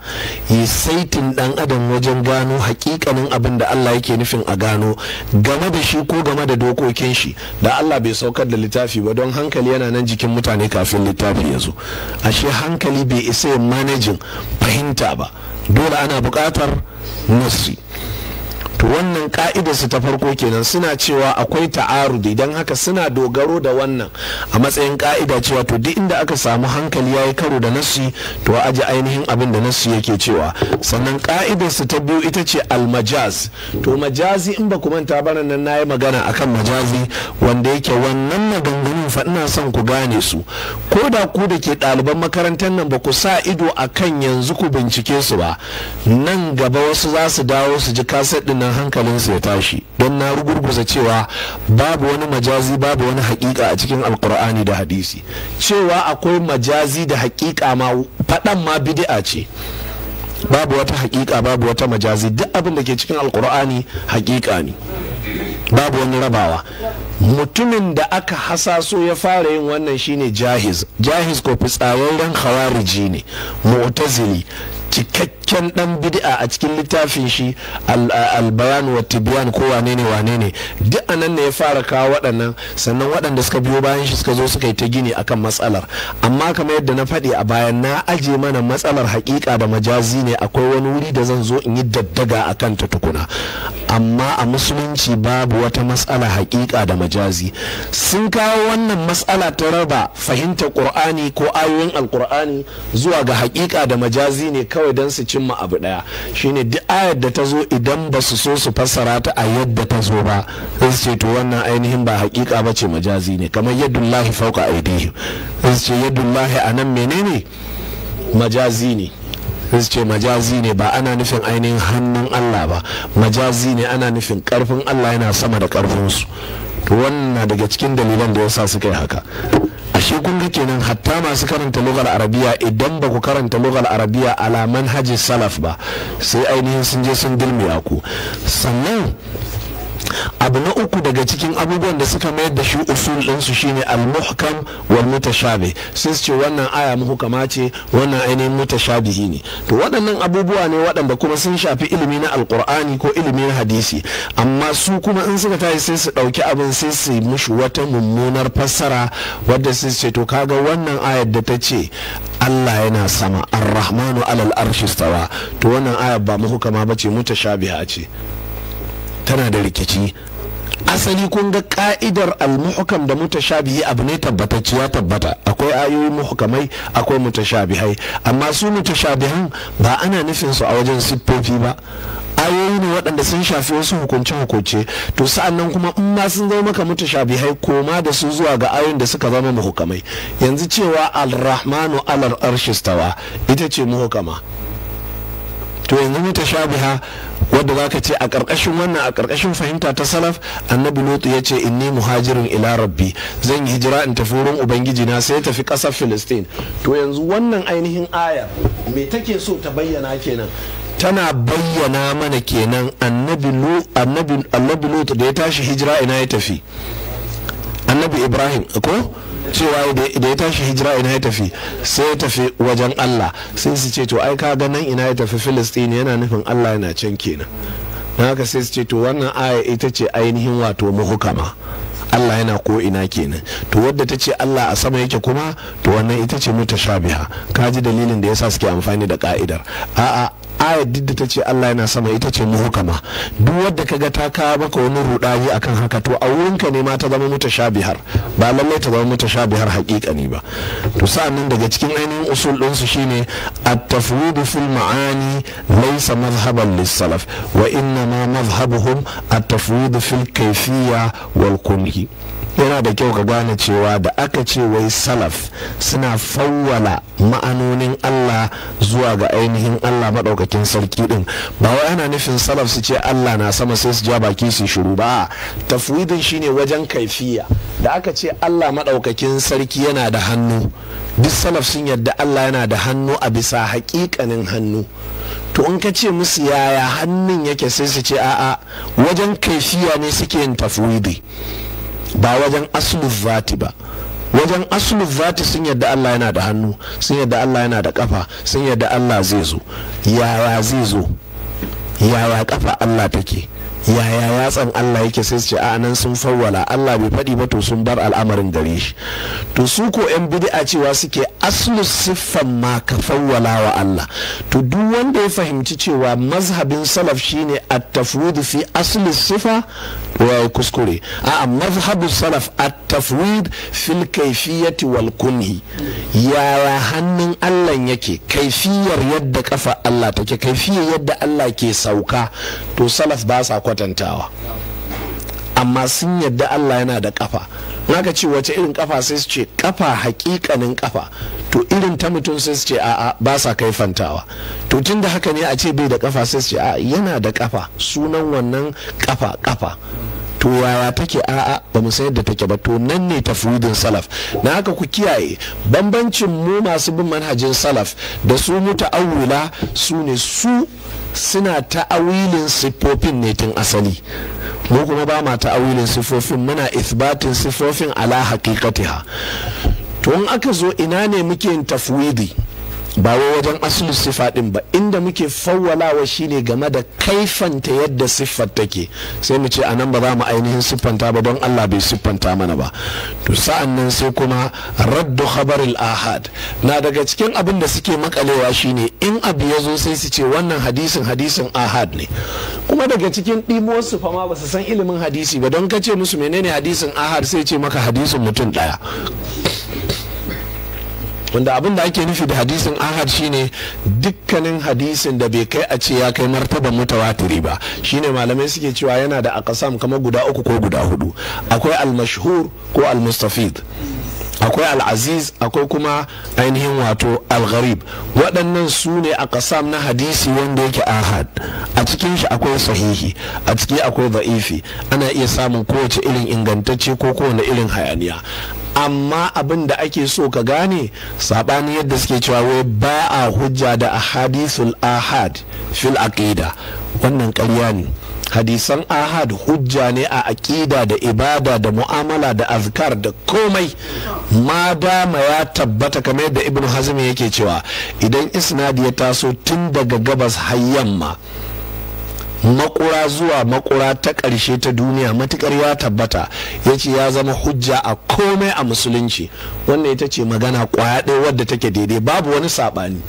A: yi saitin dan adam wajen gano hakikanin abin da Allah yake nufin a gano game da shi ko game da dokokin shi da Allah bai saukar da littafi ba don hankali yana nan jikin mutane kafin littafi ya zo ashe hankali bai isa yin manajin fahimta ba dole ana buƙatar nasri to wannan su ta farko kenan suna cewa akwai ta'arudi idan haka suna dogaro da wannan a matsayin ka'ida cewa to duk inda aka samu hankali ya yi karo da nasi to aji ainihin abin da nasi yake cewa sannan su ta biyu ita ce almajaz to majazi in ba ku manta ba nan na yi magana akan majazi wanda yake wannan maganganun fa ina son ku gane su ko da ku da ke ɗaliban makarantar nan ba ku sa ido akan yanzu ku bincike su ba nan gaba wasu za su dawo su ji kaset ɗin hankalin hankalinsu ya tashi don na rugurguza cewa babu wani majazi babu wani hakika a cikin alkur'ani da hadisi cewa akwai majazi da hakika ma faɗan ma bid'a ce babu wata hakika babu wata majazi duk abin da ke cikin alkur'ani hakika ne babu wani rabawa mutumin da aka hasaso ya fara yin wannan shine jahiz jahiz ko fitsararren khawariji ne mu'tazili cikakken dan bid'a a cikin littafin shi albayan wa tibiyan ko wane ne wane ne duk anan ne ya fara kawo waɗannan sannan waɗanda suka biyo bayan shi suka zo suka yi ta gini akan matsalar amma kamar yadda na faɗi a bayan na aje mana matsalar haƙiƙa da majazi ne akwai wani wuri da zan zo in yi daddaga a kan ta tukuna amma a musulunci babu wata matsala haƙiƙa da majazi sun kawo wannan matsala ta raba fahimtar ƙur'ani ko ayoyin alƙur'ani zuwa ga haƙiƙa da majazi ne kawai kawai don su cimma abu daya shine duk ayar da ta zo idan ba su so su fassara ta a yadda ta zo ba in ce to wannan ainihin ba hakika ba ce majazi ne kamar lahi fauka a aidihi in ce lahi a nan menene majazi ne in ce majazi ne ba ana nufin ainihin hannun Allah ba majazi ne ana nufin karfin Allah yana sama da karfinsu to wannan daga cikin dalilan da yasa suka yi haka ashe kun ga kenan hatta masu karanta lugar arabiya idan ba ku karanta lugar arabiya ala manhajin salaf ba sai ainihin sun je sun dilmiya ku sannan abu na uku daga cikin abubuwan da suka mayar da shi usul ɗinsu shine al-muhkam wal mutashabi sai su ce wannan aya muhkama ce wannan ainihin mutashabihi ne to waɗannan abubuwa ne waɗanda kuma sun shafi ilimi na alqur'ani ko ilimi na hadisi amma su kuma in suka tashi sai su ɗauki abin sai su mushi wata mummunar fassara wadda sai ce to kaga wannan ayar da ta ce Allah yana sama ar-rahmanu alal arshi stawa to wannan ayar ba muhkama bace mutashabiha ce tana da rikici asali kun ga ka'idar almuhkam da mutashabihi abu ne tabbatacce ya tabbata akwai ayoyi muhkamai akwai mutashabihai amma su mutashabihan ba ana nufin su a wajen siffofi ba ayoyi ne waɗanda sun shafi wasu hukunce hukunce to sa'an nan kuma in ma sun zama maka mutashabihai koma da su zuwa ga ayoyin da suka zama muhukamai yanzu cewa alrahmanu alar arshistawa ita ce muhukama to yanzu mutashabiha wadda zaka ce a ƙarƙashin wannan a ƙarƙashin fahimta ta salaf annabi Lotu ya ce inni muhajirin ila rabbi zan yi hijira in tafi wurin ubangiji na sai tafi ƙasar filistin to yanzu wannan ainihin aya me take so ta bayyana kenan tana bayyana mana kenan annabi Lotu da ya tashi hijira ina ya tafi annabi ibrahim ko cewa da ya tashi hijira ina ya tafi sai ya tafi wajen Allah sai su ce to ai ka ga nan ina ya tafi Filistini yana nufin Allah yana can kenan na haka sai su ce to wannan aya ita ce ainihin wato muhukama Allah yana ko ina kenan to wadda ta ce Allah a sama yake kuma to wannan ita ce mutashabiha kaji dalilin da yasa suke amfani da ka'idar a'a ayar da ta ce Allah yana sama ita ce muhukama duk wadda ka ga ta kawo maka wani rudani akan haka to a wurinka ne ma ta zama mutashabihar ba lallai ta zama mutashabihar haƙiƙani ba to sa'annan daga cikin ainihin usul din su shine at-tafwid fil ma'ani laysa madhhaban lis-salaf wa inna ma madhhabuhum at-tafwid fil kayfiyya wal kunhi yana da kyau ka gane cewa da aka ce wai salaf suna fawwala ma'anonin Allah zuwa ga ainihin Allah maɗaukakin sarki ɗin ba wai ana nufin salaf su ce Allah na sama sai su ja baki su shiru ba tafwidin shine wajen kaifiya da aka ce Allah maɗaukakin sarki yana da hannu duk salaf sun yadda Allah yana da hannu a bisa haƙiƙanin hannu to in ka ce musu yaya hannun yake sai su ce a'a wajen kaifiya ne suke yin tafwidi ba wajen aslu ba wajen aslu zati sun yadda Allah yana da hannu sun yadda Allah yana da kafa sun yadda Allah zai zo yara zai zo yara kafa Allah take yaya yatsan Allah yake sai su ce a nan sun fawwala Allah bai faɗi ba to sun bar al'amarin gare shi to su ko yan bid'a cewa suke aslu siffan ma ka fawwala wa Allah to duk wanda ya fahimci cewa mazhabin salaf shine at-tafwid fi aslu sifa wa kuskure a mazhabu salaf at-tafwid fil kayfiyati wal kunhi yaya hannun Allah yake kaifiyar yadda kafa Allah take kaifiyar yadda Allah ke sauka to salaf ba sa kwatantawa amma sun yadda Allah yana da kafa naka ce wace irin kafa sai su ce kafa hakikanin kafa to irin ta mutum sai su ce a'a ba sa kai fantawa to tun da haka ne a ce bai da kafa sai su ce a'a yana da kafa sunan wannan kafa kafa to yaya take a'a ba mu san yadda take ba to nan ne tafwidin salaf na haka ku kiyaye bambancin mu masu bin manhajin salaf da su muta'awwila su ne su suna ta'awilin siffofin ne tun asali mu kuma ba ma ta'awilin siffofin muna isbatin siffofin ala hakikatiha to in aka zo ina ne muke yin tafwidi ba wai wajen asulun sifa din ba inda muke fawwalawa shine game da kaifanta yadda siffar take sai mu ce anan ba za mu ainihin siffanta ba don Allah bai siffanta mana ba to sa'an nan sai kuma raddu khabaril ahad na daga cikin abin da suke makalewa shine in abu ya zo sai su ce wannan hadisin hadisin ahad ne kuma daga cikin ɗimuwar su ma ba su san ilimin hadisi ba don ka ce musu menene hadisin ahad sai ce maka hadisin mutum daya. wanda abin da ake nufi da hadisin ahad shine dukkanin hadisin da bai kai a ce ya kai martaban mutawatiri ba shine malamai suke cewa yana da akasam kama guda uku ko guda hudu akwai al ko al-mustafid akwai alaziz akwai kuma ainihin wato al-gharib waɗannan su ne a ƙasam na hadisi wanda yake ahad a cikin shi akwai sahihi a ciki akwai za'ifi ana iya samun kowace irin ingantacce ko kowane irin hayaniya amma abin da ake so ka gane saɓani yadda suke cewa wai ba a hujja da ahadisul ahad fil aqida wannan ƙarya ne hadisan ahad hujja ne a aƙida da ibada da mu'amala da azkar da komai ma dama ya tabbata kamar yadda ibnu hazm yake cewa idan isnadi ya taso tun daga gabas har yamma makura zuwa makura ta ƙarshe ta duniya matukar ya tabbata ya ce ya zama hujja a komai a musulunci wannan ita ce magana kwaya ɗaya wadda take daidai babu wani saɓani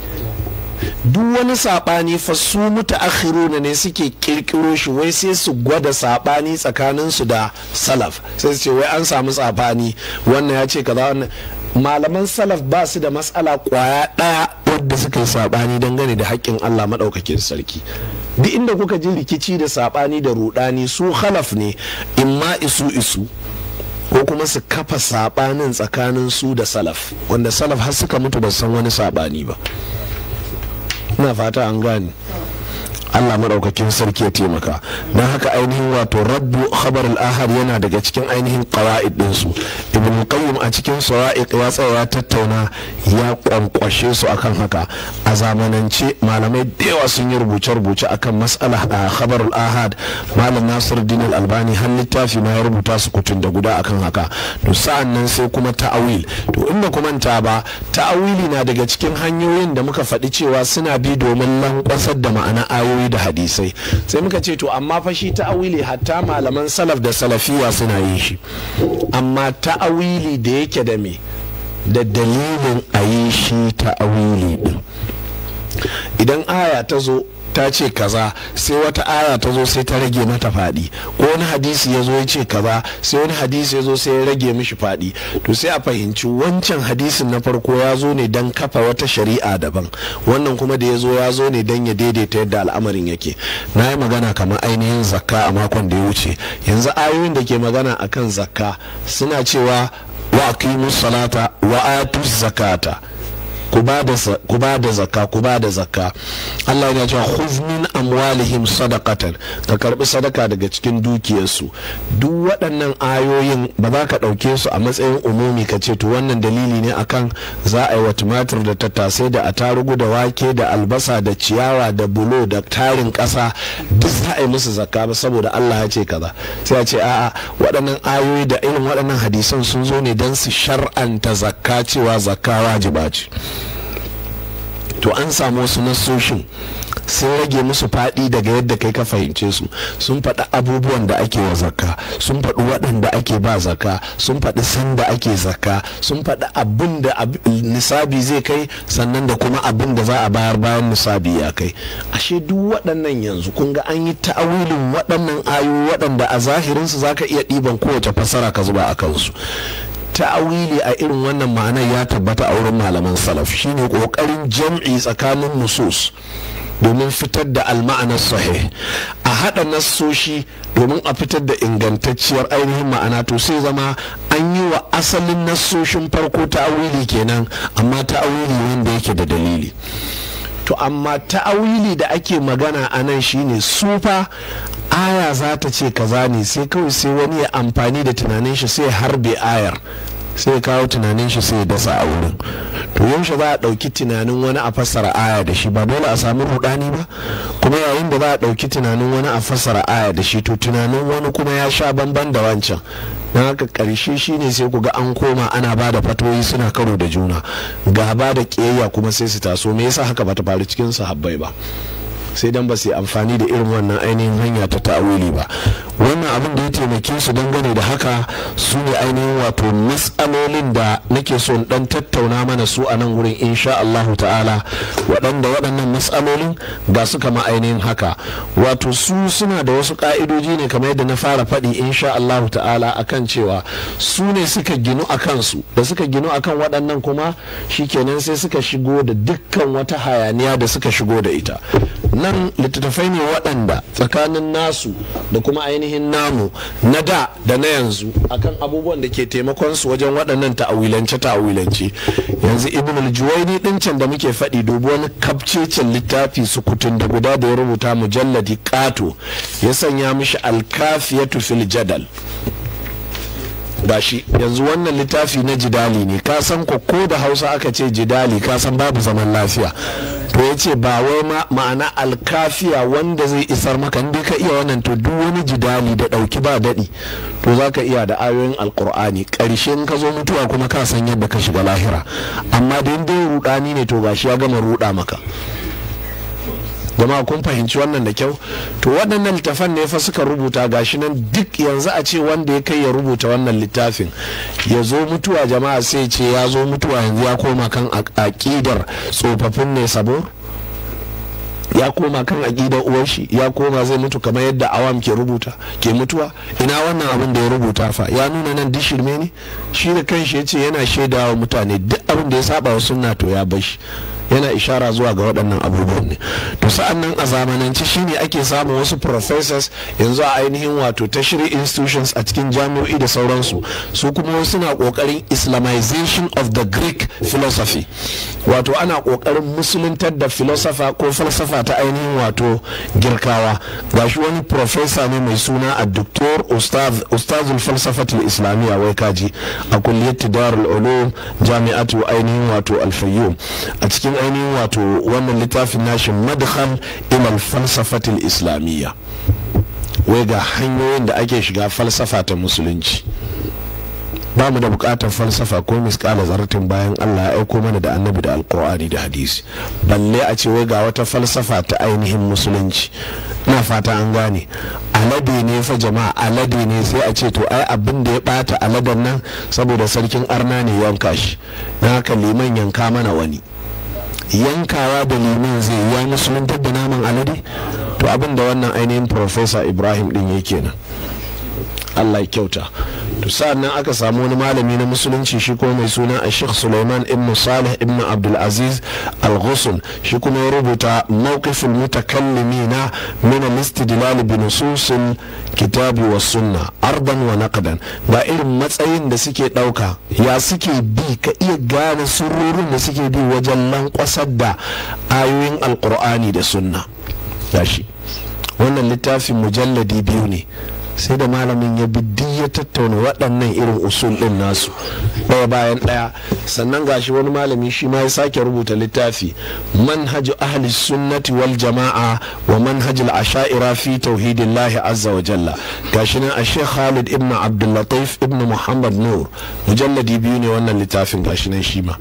A: duk wani saɓani fa su na ne suke kirkiro shi wai sai su gwada saɓani tsakaninsu da salaf sai su ce wai an samu saɓani wannan ya ce kaza wannan malaman salaf ba su da matsala kwaya ɗaya wadda suka yi saɓani dangane da haƙƙin Allah maɗaukakin sarki duk inda kuka ji rikici da saɓani da ruɗani su khalaf ne imma isu isu ko kuma su kafa saɓanin tsakanin su da salaf wanda salaf har suka mutu ba san wani saɓani ba ina fata an gane Allah maɗaukakin sarki ya taimaka don haka ainihin wato rabbu khabar al-ahad yana daga cikin ainihin qara'id din su ibn qayyim a cikin sara'iq ya tsaya tattauna ya kwankwashe su akan haka a zamanance malamai da yawa sun yi rubuce rubuce akan mas'ala a khabar al-ahad malam nasiruddin al-albani har littafi ma ya rubuta su kutun da guda akan haka to sa'an nan sai kuma ta'awil to in ba ku manta ba ta'awili na daga cikin hanyoyin da muka faɗi cewa suna bi domin lankwasar da ma'ana ayoyi ayoyi da hadisai sai muka ce to amma fa shi ta'awili hatta malaman salaf da salafiya suna yin shi amma ta'awili da yake da me da dalilin a yi shi ta'awili din idan aya ta zo ta ce kaza sai wata aya ta zo sai ta rage mata faɗi ko wani hadisi ya zo ya ce kaza sai wani hadisi ya zo sai ya rage mishi faɗi to sai a fahimci wancan hadisin na farko ya zo ne don kafa wata shari'a daban wannan kuma da ya zo ya zo ne don ya daidaita yadda al'amarin yake na yi magana kamar ainihin zakka a makon da ya wuce yanzu ayoyin da ke magana akan zakka suna cewa wa aqimus salata wa atuz zakata ku ba da zakka ku ba da zakka Allah ya ce khudh min amwalihim sadaqatan ka karbi sadaka daga cikin dukiyarsu duk waɗannan ayoyin ba za ka ɗauke su a matsayin umumi ka ce to wannan dalili ne akan za a yi wa tumatir da tattasai da atarugu da wake da albasa da ciyawa da bulo da tarin ƙasa duk za a yi musu zakka ba saboda Allah ya ce kaza sai a ce a'a waɗannan ayoyi da irin waɗannan hadisan sun zo ne don su shar'anta zakka cewa zakka wajiba ce to an samu wasu nassoshin sun rage musu faɗi daga yadda kai ka fahimce su sun faɗi abubuwan da ake wa zakka sun faɗi waɗanda ake ba zakka sun faɗi sanda ake zakka sun faɗi abin da nisabi zai kai sannan da kuma abin da za a bayar bayan nisabi ya kai ashe duk waɗannan yanzu kun ga an yi ta'awilin waɗannan ayoyi waɗanda a zahirinsu za ka iya ɗiban kowace fasara ka zuba a kansu ta'awili a irin wannan ma'anar ya tabbata a wurin malaman salaf shine kokarin jam'i tsakanin nusus domin fitar da alma'anar sahih a haɗa nassoshi domin a fitar da ingantacciyar ainihin ma'ana to sai zama an yi wa asalin nassoshin farko ta'awili kenan amma ta'awili wanda yake da dalili to amma ta'awili da ake magana a nan shine sufa aya za ta ce kaza ne sai kawai sai wani ya amfani da tunanin shi sai harbe ayar sai kawo tunanin shi sai dasa a wurin to yaushe za a ɗauki tunanin wani a fassara aya da shi ba dole a samu rudani ba kuma yayin da za a ɗauki tunanin wani a fassara aya da shi to tunanin wani kuma ya sha bamban da wancan na haka ƙarshe ne sai ku ga an koma ana ba da fatoyi suna karo da juna gaba da ƙiyayya kuma sai su taso me yasa haka bata faru cikin sahabbai ba sai dan ba su amfani da irin wannan ainihin hanya ta ta'awili ba wannan abin da ya taimake su dangane da haka su ne ainihin wato matsalolin da nake so in dan tattauna mana su a nan wurin insha Allah ta'ala waɗanda waɗannan matsalolin ga su kama ainihin haka wato su suna da wasu ka'idoji ne kamar yadda na fara faɗi insha Allah ta'ala akan cewa su ne suka ginu a kansu da suka ginu akan waɗannan kuma shi kenan sai suka shigo da dukkan wata hayaniya da suka shigo da ita nan littattafai ne waɗanda tsakanin nasu da kuma ainihin ainihin namu na da da na yanzu akan abubuwan da ke taimakon su wajen waɗannan ta'awilance ta'awilance yanzu ibn al-juwaini din can da muke faɗi dubu wani kabcecin littafi kutun da guda da ya rubuta mujalladi kato ya sanya mishi alkafiyatu fil jadal shi yanzu wannan littafi na jidali ne ka san ko da hausa aka ce jidali ka san babu zaman lafiya to ya ce ba wai ma'ana alkafiya wanda zai isar maka in ka iya wannan to duk wani jidali da ɗauki ba daɗi to za ka iya da ayoyin alkur'ani ƙarshen ka zo mutuwa kuma ka san yadda ka shiga lahira amma da dai ruɗani ne to gashi ya gama ruɗa maka jama'a kun fahimci wannan da kyau to waɗannan littafan ne fa suka rubuta gashi nan duk yanzu a ce wanda ya kai ya rubuta wannan littafin ya zo mutuwa jama'a sai ce ya zo mutuwa yanzu ya koma kan aƙidar tsofaffin ne sabo ya koma kan aƙidar uwar ya koma zai mutu kamar yadda awam ke rubuta ke mutuwa ina wannan abin da ya rubuta fa ya nuna nan duk shirme ne shi da kanshi ya ce yana shaidawa mutane duk abin da ya saba wa sunna to ya bashi. shi yana ishara zuwa ga waɗannan abubuwan ne to sa'an nan a zamanance shine ake samun wasu professors yanzu a ainihin wato tertiary institutions a cikin jami'o'i da sauransu su kuma suna kokarin islamization of the greek philosophy wato ana kokarin musuluntar da philosopher ko falsafa ta ainihin wato girkawa ga shi wani professor ne mai suna a doctor ustazul falsafatul islamiyya wai kaji a kulliyar darul ulum jami'atu ainihin wato alfayyum a cikin ainihin wato wannan littafin nashin madhal imal falsafatil islamiyya wai ga hanyoyin da ake shiga falsafa ta musulunci ba mu da bukatar falsafa ko miskala zartin bayan allah ya aiko mana da annabi da alkur'ani da hadisi balle a ce wai ga wata falsafa ta ainihin musulunci na fata an gane alade ne fa jama'a alade ne sai a ce to ai abin da ya bata aladen nan saboda sarkin arna ne yanka shi na haka liman yanka mana wani yankawa da limin zai ya musuluntar da naman alade to abin da wannan ainihin professor ibrahim din yake nan Allah ya kyauta to sa'annan aka samu wani malami na musulunci shi kuma mai suna a sheikh suleiman ibn salih ibn abdulaziz al-ghusl shi kuma ya rubuta mawqifin mutakallimina min al-istidlal bi nususil kitabi wa sunna ardan wa naqdan ba irin matsayin da suke dauka ya suke bi ka iya gane sururin da suke bi wajen lankwasar da ayoyin Al-Qur'ani da sunna gashi wannan littafin mujalladi biyu ne sai da malamin ya bi duk ya tattauna waɗannan irin usul ɗin nasu ɗaya bayan ɗaya sannan gashi wani malami shi ma ya sake rubuta littafi manhaju ahli sunnati wal jama'a wa manhajul asha'ira fi tauhidillahi azza wa jalla gashi nan a sheikh khalid ibn abdullatif ibn muhammad nur mujalladi biyu ne wannan littafin gashi nan shi ma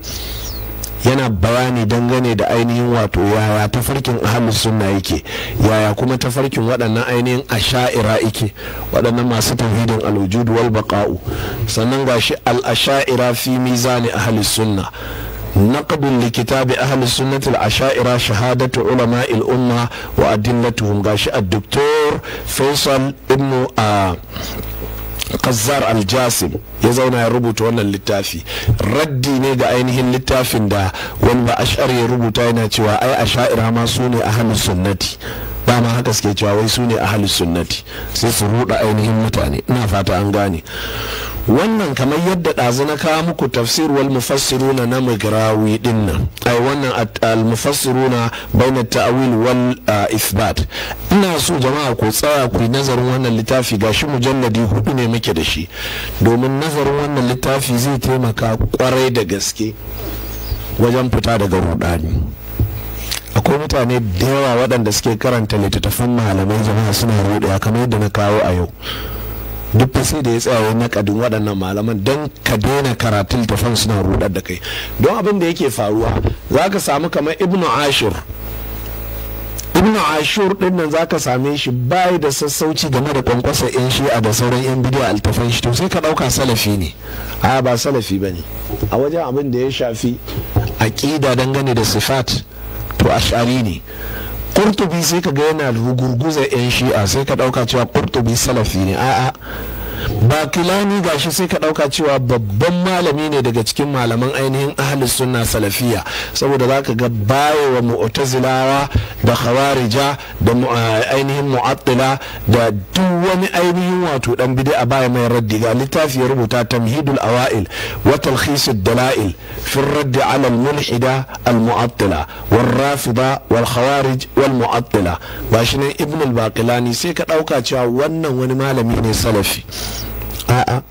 A: yana bayani dangane da ainihin wato yaya tafarkin ahalus sunna yake yaya kuma tafarkin waɗannan ainihin asha'ira yake waɗannan masu tauhidin alwujud wal baqa'u sannan gashi al asha'ira fi mizani ahalus sunna نقد لكتاب أهل السنة العشائرة شهادة علماء الأمة وأدلتهم غاشي الدكتور فيصل ابن a. kazzar aljasim ya zauna ya rubuta wannan littafi raddi ne ga ainihin littafin da wani ba ashar ya rubuta yana cewa ai asha'ira ma su ne a hannun sunnati dama haka suke cewa wai su ne halin sunnati sai su ruɗa ainihin mutane ina fata an gane wannan kamar yadda ɗazu na kawo muku tafsir wal mufassiru na migrawi din nan ai wannan al na bainar ta'awil wal isbat ina so jama'a ko tsaya ku nazarin wannan littafi gashi mujalladi hudu ne muke da shi domin nazarin wannan littafi zai taimaka kwarai da gaske wajen fita daga rudani akwai mutane da yawa waɗanda suke karanta littattafan malamai jama'a suna a kamar yadda na kawo a yau duk da sai da ya tsaya na kadin waɗannan malaman don ka daina karatu littattafan suna ruɗar da kai don abin da yake faruwa za ka samu kamar ibnu ashur ibnu ashur din nan za ka same shi bai da sassauci game da kwankwasa yan shi'a da sauran yan bidiyo altafan shi to sai ka ɗauka salafi ne a ba salafi ba ne a wajen abin da ya shafi aƙida dangane da sifat to ash'ari ne kurtubi sai ka ga yana rugurguza yan shi'a sai ka dauka cewa kurtubi salafi ne a'a bakilani gashi sai ka dauka cewa babban malami ne daga cikin malaman ainihin ahli sunna salafiya saboda za ka ga baye wa mu'tazilawa da khawarija da eh, ainihin mu'attila da duk wani ainihin wato dan a baya mai raddi ga littafi ya rubuta tamhidul awa'il wa talkhis ad-dala'il fi ar-radd 'ala al-mulhida al-mu'attila wal-rafida wal-khawarij wal-mu'attila gashi nan ibn al-baqilani sai ka dauka cewa wannan wani malami ne salafi a'a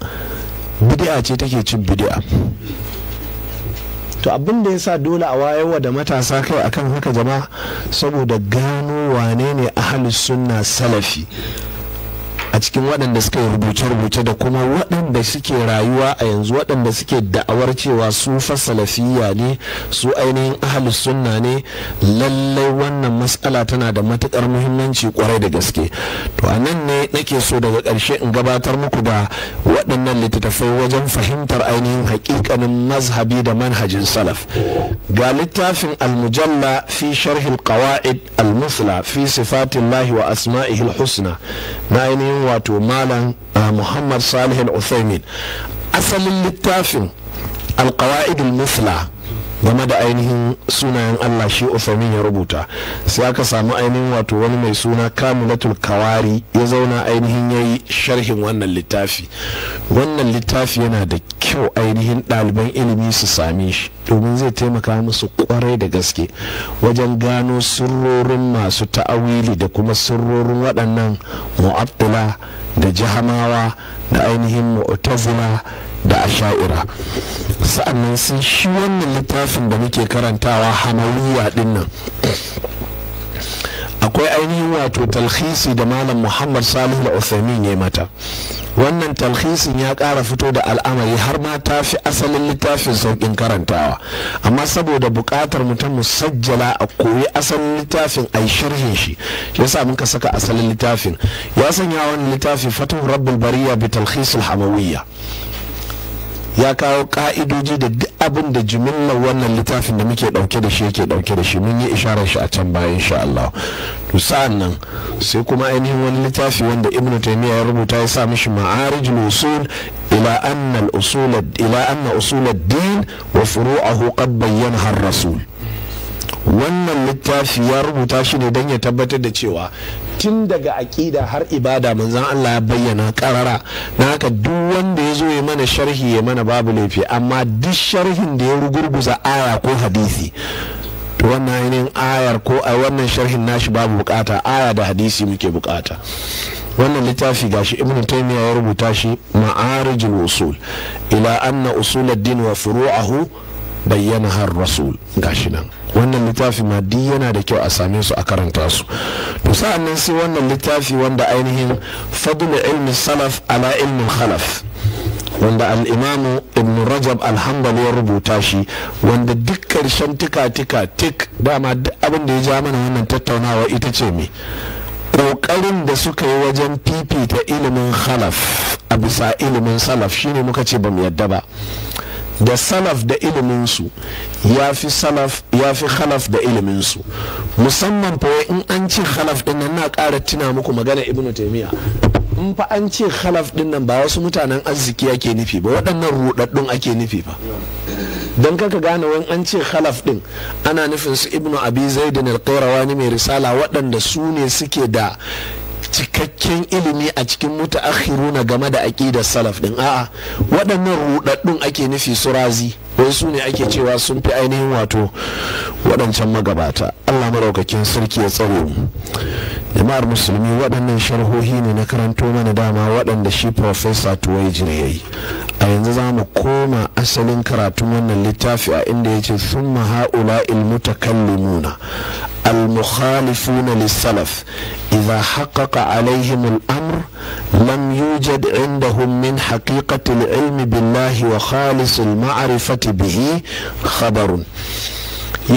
A: bidi'a ce take cin bidi'a to abin da ya sa dole a wayarwa da matasa kai akan haka jama'a saboda gano wane ne ahalus sunna salafi a cikin waɗanda suka yi rubuce-rubuce da kuma waɗanda suke rayuwa a yanzu waɗanda suke da'awar cewa su fa salafiyya ne su ainihin ahalus sunna ne lallai wannan matsala tana da matuƙar muhimmanci kwarai da gaske to a nan ne nake so daga ƙarshe in gabatar muku da waɗannan littattafai wajen fahimtar ainihin haƙiƙanin mazhabi da manhajin salaf ga littafin almujalla fi sharhil qawa'id al fi sifatillahi wa asma'ihi husna na ainihin wato malam ah, muhammad salih al-uthaymin asalin littafin alkawa'id muslah game da ainihin sunayen Allah shi Usamin ya rubuta sai aka samu ainihin wato wani mai suna Kamilatul Kawari ya zauna ainihin ya yi sharhin wannan littafi wannan littafi yana da kyau ainihin ɗaliban ilimi su same shi domin zai taimaka musu kwarai da gaske wajen gano sirrorin masu ta'awili da kuma sirrorin waɗannan mu'abdula da jahamawa da ainihin mu'tazila da a asha'ira sa'annan sun shi wannan littafin da muke karantawa hamawiya din nan akwai ainihin wato talhisi da malam muhammad salihu da uthaymin ya mata wannan talhisin ya kara fito da al'amari har ma ta fi asalin littafin sauƙin karantawa amma saboda buƙatar mutum musajjala a koyi asalin littafin a shirhin shi ya sa muka saka asalin littafin ya sanya wani littafi fatahu rabbul bariya bi talhisul hamawiyya ya kawo ka'idoji da duk abin da jimillar wannan littafin da muke dauke da shi yake dauke da shi mun yi isharar shi a can baya insha Allah to sa'an nan sai kuma ainihin wani littafi wanda Ibn Taymiyyah ya rubuta ya sa mishi ma'arijul usul ila anna al-usul ila anna usul ad-din wa furu'uhu qad bayyana ar-rasul wannan littafi ya rubuta shi ne don ya tabbatar da cewa tun daga aƙida har ibada manzan Allah ya bayyana karara na haka duk wanda ya zo ya mana sharhi ya mana babu laifi amma duk sharhin da ya rugurguza aya ko hadisi to wannan ainihin ayar ko a wannan sharhin nashi babu bukata aya da hadisi muke bukata wannan littafi gashi ibn taymiya ya rubuta shi ma'arijul usul ila anna usul ad-din wa furu'ahu bayyana har rasul gashi nan wannan littafi ma duk yana da kyau a same su a karanta su to sa'an nan sai wannan littafi wanda ainihin fadl ilmi salaf ala ilmin khalaf wanda al-imam ibn rajab alhambali ya rubuta shi wanda duk karshen tika-tika tik dama duk abin da ya ja mana wannan tattaunawa ita ce me ƙoƙarin da suka yi wajen fifita ilimin khalaf a bisa ilimin salaf shine muka ce bamu mu yadda ba da salaf da iliminsu ya fi salaf ya fi khalaf da iliminsu musamman fa in an ce khalaf din nan na ƙara tuna muku magana ibnu taimiya in fa an ce khalaf din nan ba wasu mutanen arziki ake nufi ba waɗannan ruɗaɗɗun ake nufi ba don kaka gane wani an ce khalaf din ana nufin su ibnu abi zaidin al mai risala waɗanda su ne suke da cikakken ilimi a cikin na game da aqidar salaf din a'a waɗannan rudaddun ake nufi su razi wai su ne ake cewa sun fi ainihin wato waɗancan magabata Allah maraukakin sarki ya tsaro mu jama'ar musulmi waɗannan sharhohi ne na karanto mana dama waɗanda shi professor tuwai yayi a yanzu za mu koma asalin karatun wannan littafi a inda ya ce summa ha'ula ilmutakallimuna المخالفون للسلف إذا حقق عليهم الأمر لم يوجد عندهم من حقيقة العلم بالله وخالص المعرفة به خبر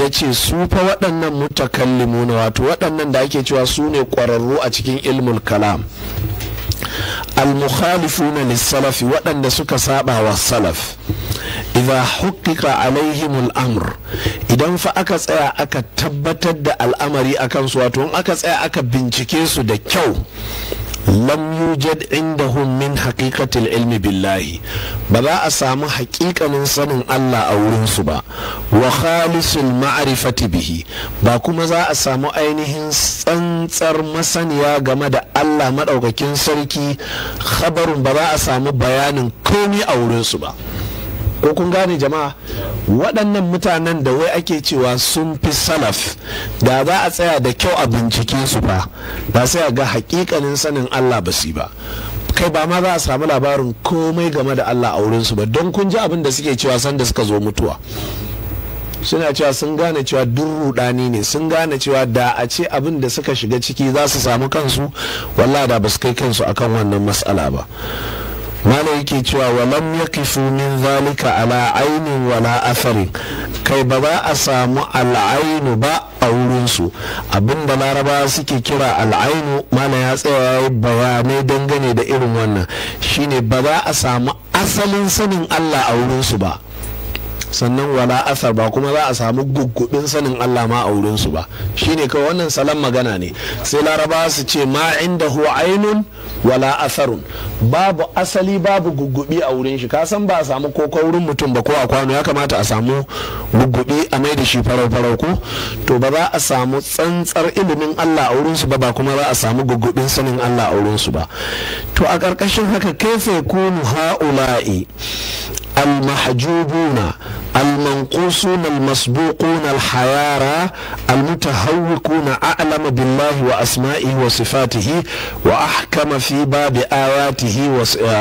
A: ya ce su fa waɗannan mutakallimu na wato waɗannan da ake cewa su ne ƙwararru a cikin ilmul kalam al-mukhalifuna salafi waɗanda suka saba wa salaf idza hukika alaihim al idan fa aka tsaya aka tabbatar da al'amari akan su wato in aka tsaya aka bincike su da kyau lam yujad indahum min haqiqatil ilmi billahi ba za a samu haƙiƙanin sanin Allah a wurin su ba wa khalisul ma'rifati bihi ba kuma za a samu ainihin tsan rantsar masaniya game da Allah maɗaukakin sarki habarin ba za a samu bayanin komi a wurinsu ba ko kun gane jama'a waɗannan mutanen da wai ake cewa sun fi salaf da za a tsaya da kyau a bincike su ba ba sai a ga hakikanin sanin Allah ba su ba kai ba ma za a samu labarin komai game da Allah a wurinsu ba don kun ji abin da suke cewa sanda suka zo mutuwa suna cewa sun gane cewa duk rudani ne sun gane cewa da a ce abin da suka shiga ciki za su samu kansu walla da ba su kai kansu akan wannan matsala ba malam yake cewa walam yaqifu min zalika ala ainin wala asarin kai ba za a samu al'ainu ba a wurinsu abinda laraba suke kira al'ainu mana ya tsaya bayanai dangane da irin wannan shine ba za a samu asalin sanin allah a wurinsu ba sannan wala asar ba kuma za a samu guggubin sanin Allah ma a wurinsu ba shine kawai wannan salon magana ne sai laraba su ce ma inda ainun wala asarun babu asali babu guggubi a wurin shi kasan ba a samu ko wurin mutum ba ko a kwano ya kamata a samu guggubi a mai da shi farau farau ko to ba za a samu tsantsar ilimin Allah a wurinsu ba ba kuma za a samu guggubin sanin Allah a wurinsu ba to a ƙarƙashin haka kai sai kunu ha'ula'i المحجوبون المنقوصون المسبوقون الحيارى المتهوكون أعلم بالله وأسمائه وصفاته وأحكم في باب آياته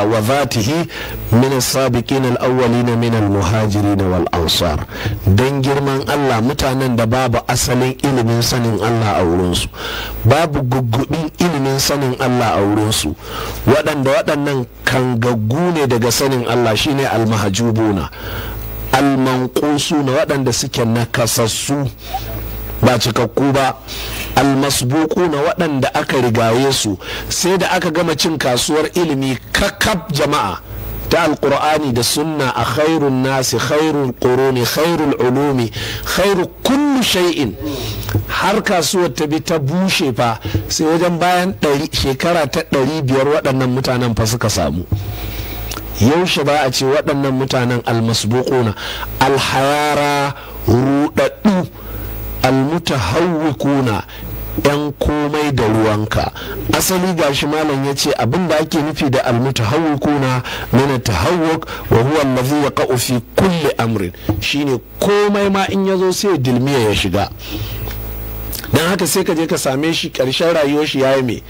A: وذاته من السابقين الأولين من المهاجرين والأنصار دنجر من الله متانا باب أصل إلي من سن الله أولنس باب قبقبي ilimin sanin Allah a wurinsu waɗanda waɗannan kangaggu ne daga sanin Allah shine almahajubuna almanqusu na waɗanda suke nakasassu ba cikakku ba almasbuku na waɗanda aka rigaye su sai da aka gama cin kasuwar ilimi kakab jama'a ta alkur'ani da sunna a khairun nasi khairun quruni khairul ulumi khairu kullu shay'in har kasuwar ta bi ta bushe fa sai wajen bayan shekara ta ɗari biyar waɗannan mutanen fa suka samu yaushe ba a ce waɗannan mutanen almasbuquna alhayara rudaddu yan komai da ruwanka asali gashi malam ya ce abin da ake nufi da almuta mana ta tahawwuk wa huwa allazi yaqa'u kulle kulle amrin shine komai ma in ya zo sai dilmiya ya shiga don haka sai ka je ka same shi karshen rayuwar shi ya yi me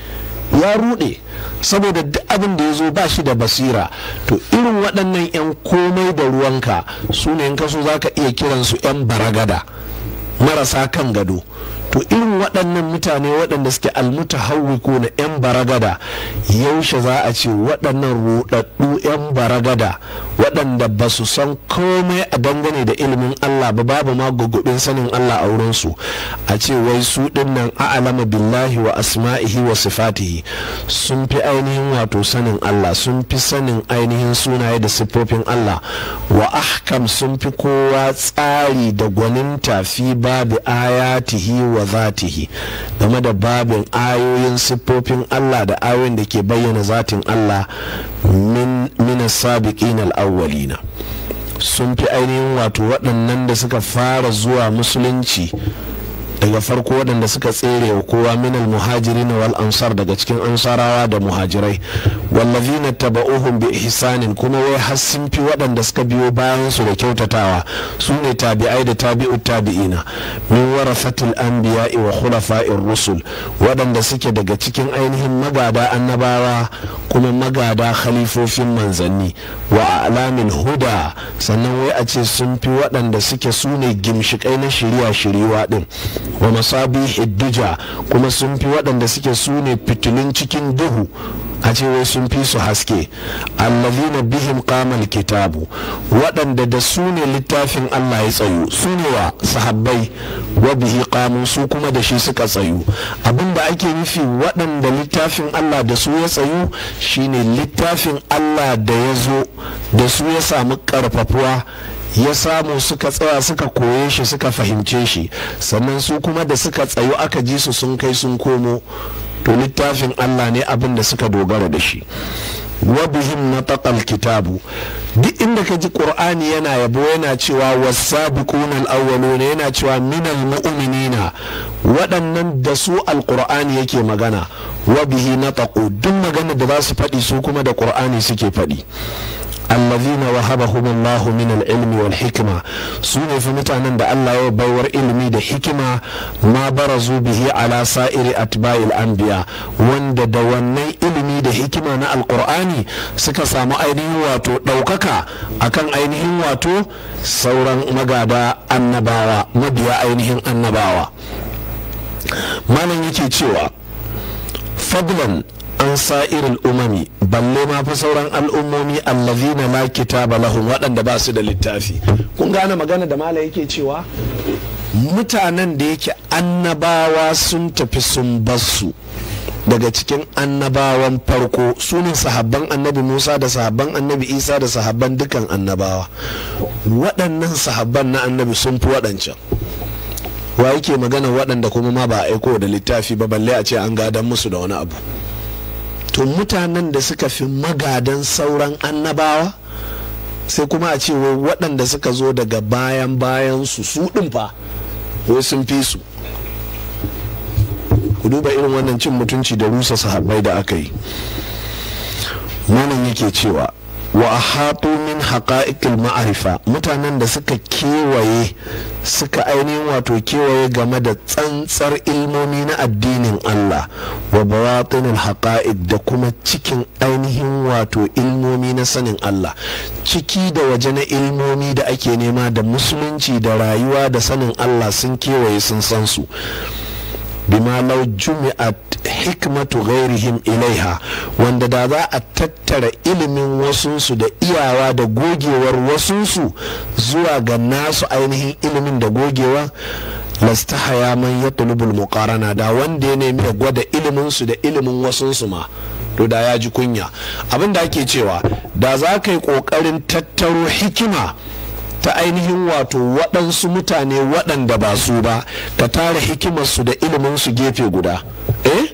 A: ya rude saboda duk abin da ya zo ba shi da basira to irin waɗannan 'yan komai da ruwanka su ne in kaso za ka iya kiransu 'yan baragada marasa kan gado to irin waɗannan mutane waɗanda suke almuta ko na 'yan baragada yaushe za a ce waɗannan ruɗaɗɗu 'yan baragada waɗanda ba su san komai a dangane da ilimin Allah ba babu ma gugubin sanin Allah a wurinsu a ce wai su ɗin ɗinnan a'alama billahi wa asma'ihi wa sifatihi sun fi ainihin wato sanin Allah sun fi sanin ainihin sunaye da siffofin Allah wa ahkam sun fi kowa tsari da gwaninta fi babu ayatihi wa wa zatihi game da babin ayoyin siffofin Allah da ayoyin da ke bayyana zatin Allah min sabiqin al-awwalina sun fi ainihin wato waɗannan da suka fara zuwa musulunci daga farko waɗanda suka tsere wa kowa minal muhajiri na wal ansar daga cikin ansarawa da muhajirai na taba'uhum bi ihsanin kuma wai har sun fi waɗanda suka biyo bayan su da kyautatawa su ne tabi'ai da tabi'u tabi'ina min biya anbiya'i wa in rusul waɗanda suke daga cikin ainihin magada annabawa kuma magada khalifofin manzanni wa alamin huda sannan wai a ce sun fi waɗanda suke su ne gimshikai na shirya shiriwa din wa masabi dija kuma sun fi waɗanda suke su ne fitilun cikin duhu a cewa sun fi su haske allazina bihim qamal kitabu waɗanda da su ne littafin Allah ya tsayu su ne wa sahabbai wa bihi qamu su kuma da shi suka tsayu abinda ake nufi waɗanda littafin Allah da su ya tsayu shine littafin Allah da ya da su ya samu karfafuwa ya samu suka tsaya suka koye shi suka fahimce shi sannan su kuma da suka tsayo aka ji su sun kai sun komo to littafin Allah ne abin da suka dogara da shi wa bihim nataqal kitabu duk inda ka ji qur'ani yana yabo yana cewa wasabiquna al yana cewa minal mu'minina waɗannan da su alqur'ani yake magana wa bihi nataqu duk magana da za su faɗi su kuma da qur'ani suke faɗi allazina wahabahum Allah min al-ilmi wal hikma su ne fa mutanen da Allah ya baiwar ilimi da hikima ma barazu bihi ala sa'iri atba'il anbiya wanda da wannan ilimi da hikima na alqur'ani suka samu ainihin wato daukaka akan ainihin wato sauran magada annabawa mabiya ainihin annabawa malam yake cewa fadlan an sa'irin umami balle ma fi sauran al'ummomi allazina la kitaba lahum waɗanda ba su da littafi kun gane magana da mala yake cewa mutanen da yake annabawa sun tafi sun basu daga cikin annabawan farko sunan sahabban annabi musa da sahabban annabi isa da sahabban dukan annabawa waɗannan sahabban na annabi sun fi waɗancan wa yake magana waɗanda kuma ma ba aiko da littafi ba balle a ce an gadan musu da wani abu to mutanen da suka fi magadan sauran annabawa sai kuma a ce waɗanda suka zo daga bayan bayan su su fa wai sun fi su ku duba irin wannan cin mutunci da rusa sahabbai da aka yi malam yake cewa wa ahatu min haƙa'iƙil ma'arifa mutanen da suka kewaye suka ainihin wato kewaye game da tsantsar ilmomi na addinin Allah wa bawatinul haƙa'iƙ da kuma cikin ainihin wato ilmomi na sanin Allah ciki da waje na ilmomi da ake nema da musulunci da rayuwa da sanin Allah sun kewaye sun san su bima law jumi'at hikmatu ghairihim ilaiha wanda da za a tattara ilimin wasunsu da iyawa da gogewar wasunsu zuwa ga nasu ainihin ilimin da gogewa lastahaya man ya tulubul muqarana da wanda ya nemi ya gwada iliminsu da ilimin wasunsu ma da ya ji kunya abin da ake cewa da za ka yi ƙoƙarin tattaro hikima ta ainihin wato waɗansu mutane waɗanda ba su ba ka tara hikimarsu da iliminsu gefe guda eh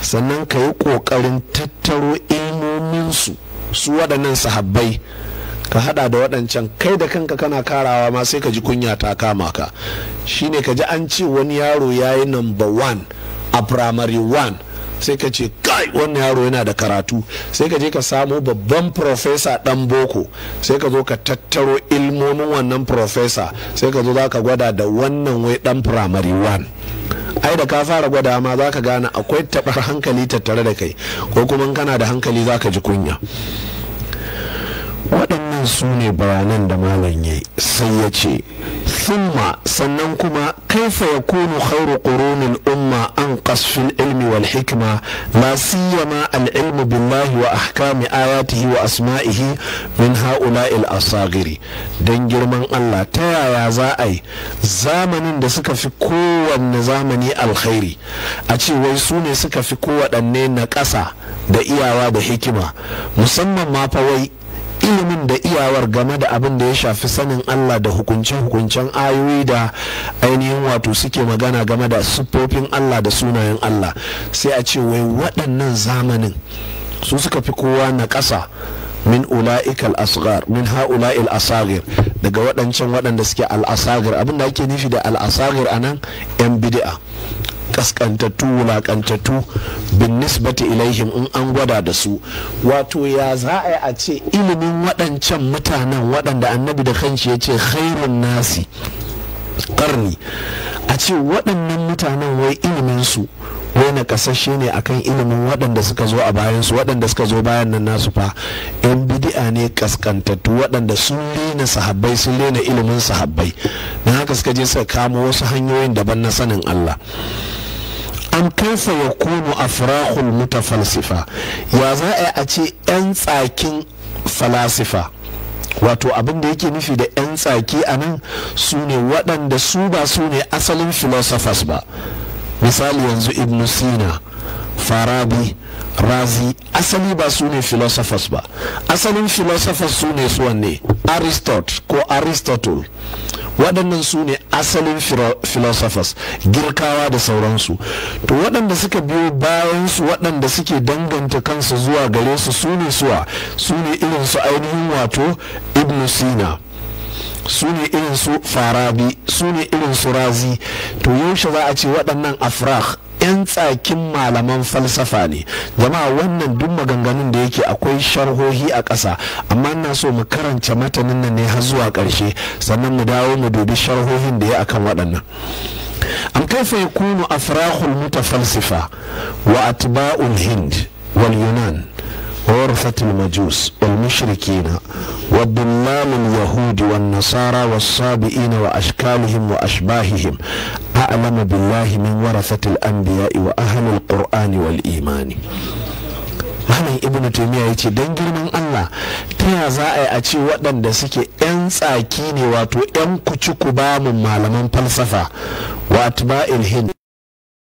A: sannan ka yi ƙoƙarin tattaro ilmominsu su waɗannan sahabbai ka hada da waɗancan kai da kanka kana karawa ma sai ka ji kunya ta kama ka shine ka ji an ce wani yaro ya yi number one a primary one sai ka ce kai wannan yaro yana da karatu sai ka je ka samo babban profesa dan boko sai ka zo ka tattaro ilmomin wannan profesa sai ka zo za ka gwada da wannan wai dan primary one ai da ka fara gwada ma za ka gane akwai tabar hankali tattare da kai ko kuma kana da hankali za ka ji kunya waɗannan su ne bayanan da malam ya sai ya ce thumma sannan kuma kaifa kunu khairu qurunin umma an kasfin ilmi wal hikma la siyama al ilmu billahi wa ahkami ayatihi wa asma'ihi min ha'ula'il asagiri dan girman Allah ta yaya za a yi zamanin da suka fi kowanne zamani alkhairi a ce wai su ne suka fi kowaɗanne na ƙasa da iyawa da hikima musamman ma fa wai ilimin da iyawar game da abin da ya shafi sanin Allah da hukunce-hukuncen ayoyi da ainihin wato suke magana game da siffofin Allah da sunayen Allah sai a ce wai waɗannan zamanin su suka fi kowa na ƙasa min ula'ikal asgar min ha'ula'il asagir daga waɗancan waɗanda suke al abin abinda ake nufi da al a nan yan bid'a kaskantattu wulakantattu bin nisbati ilaihim in an gwada da su wato ya za a yi a ce ilimin waɗancan mutanen waɗanda annabi da kanshi ya ce khairun nasi karni a ce waɗannan mutanen wai ilimin su wai na kasashe ne akan ilimin waɗanda suka zo a bayan su waɗanda suka zo bayan nan nasu fa yan bidi'a ne kaskantattu waɗanda sun lena sahabbai sun lena ilimin sahabbai don haka suka je suka kamo wasu hanyoyin daban na sanin Allah an kansa ya firahun muta falsifa, ya za a a ce 'yan tsakin falasifa wato abin da yake nufi da 'yan tsaki a nan su ne waɗanda su ba su ne asalin philosophers ba misali yanzu ibn sina farabi razi asali ba su ne philosophers ba asalin philosophers su ne su wanne aristotle ko aristotle waɗannan su ne asalin philosophers girkawa da sauransu to waɗanda suka biyo bayansu waɗanda suke danganta kansu zuwa gare su su ne suwa su ne irin ainihin wato ibn sina su ne irin su farabi su ne irin su razi to yaushe za a ce waɗannan afrak 'yan tsakin malaman falsafa ne jama'a wannan duk maganganun da yake akwai sharhohi a ƙasa amma ina so mu karance matanin nan ne har zuwa ƙarshe sannan mu dawo mu dubi sharhohin da ya akan waɗannan an kaifa yakunu afrahul mutafalsifa wa atba'ul hind wal yunan غرفة المجوس والمشركين والضمام اليهود والنصارى والصابئين وأشكالهم وأشباههم أعلم بالله من ورثة الأنبياء وأهل القرآن والإيمان Mana ibnu taimiyya ya ce don girman allah ta ya za a yi a ce waɗanda suke 'yan tsaki ne wato 'yan kuci ku malaman falsafa wa atba'il hind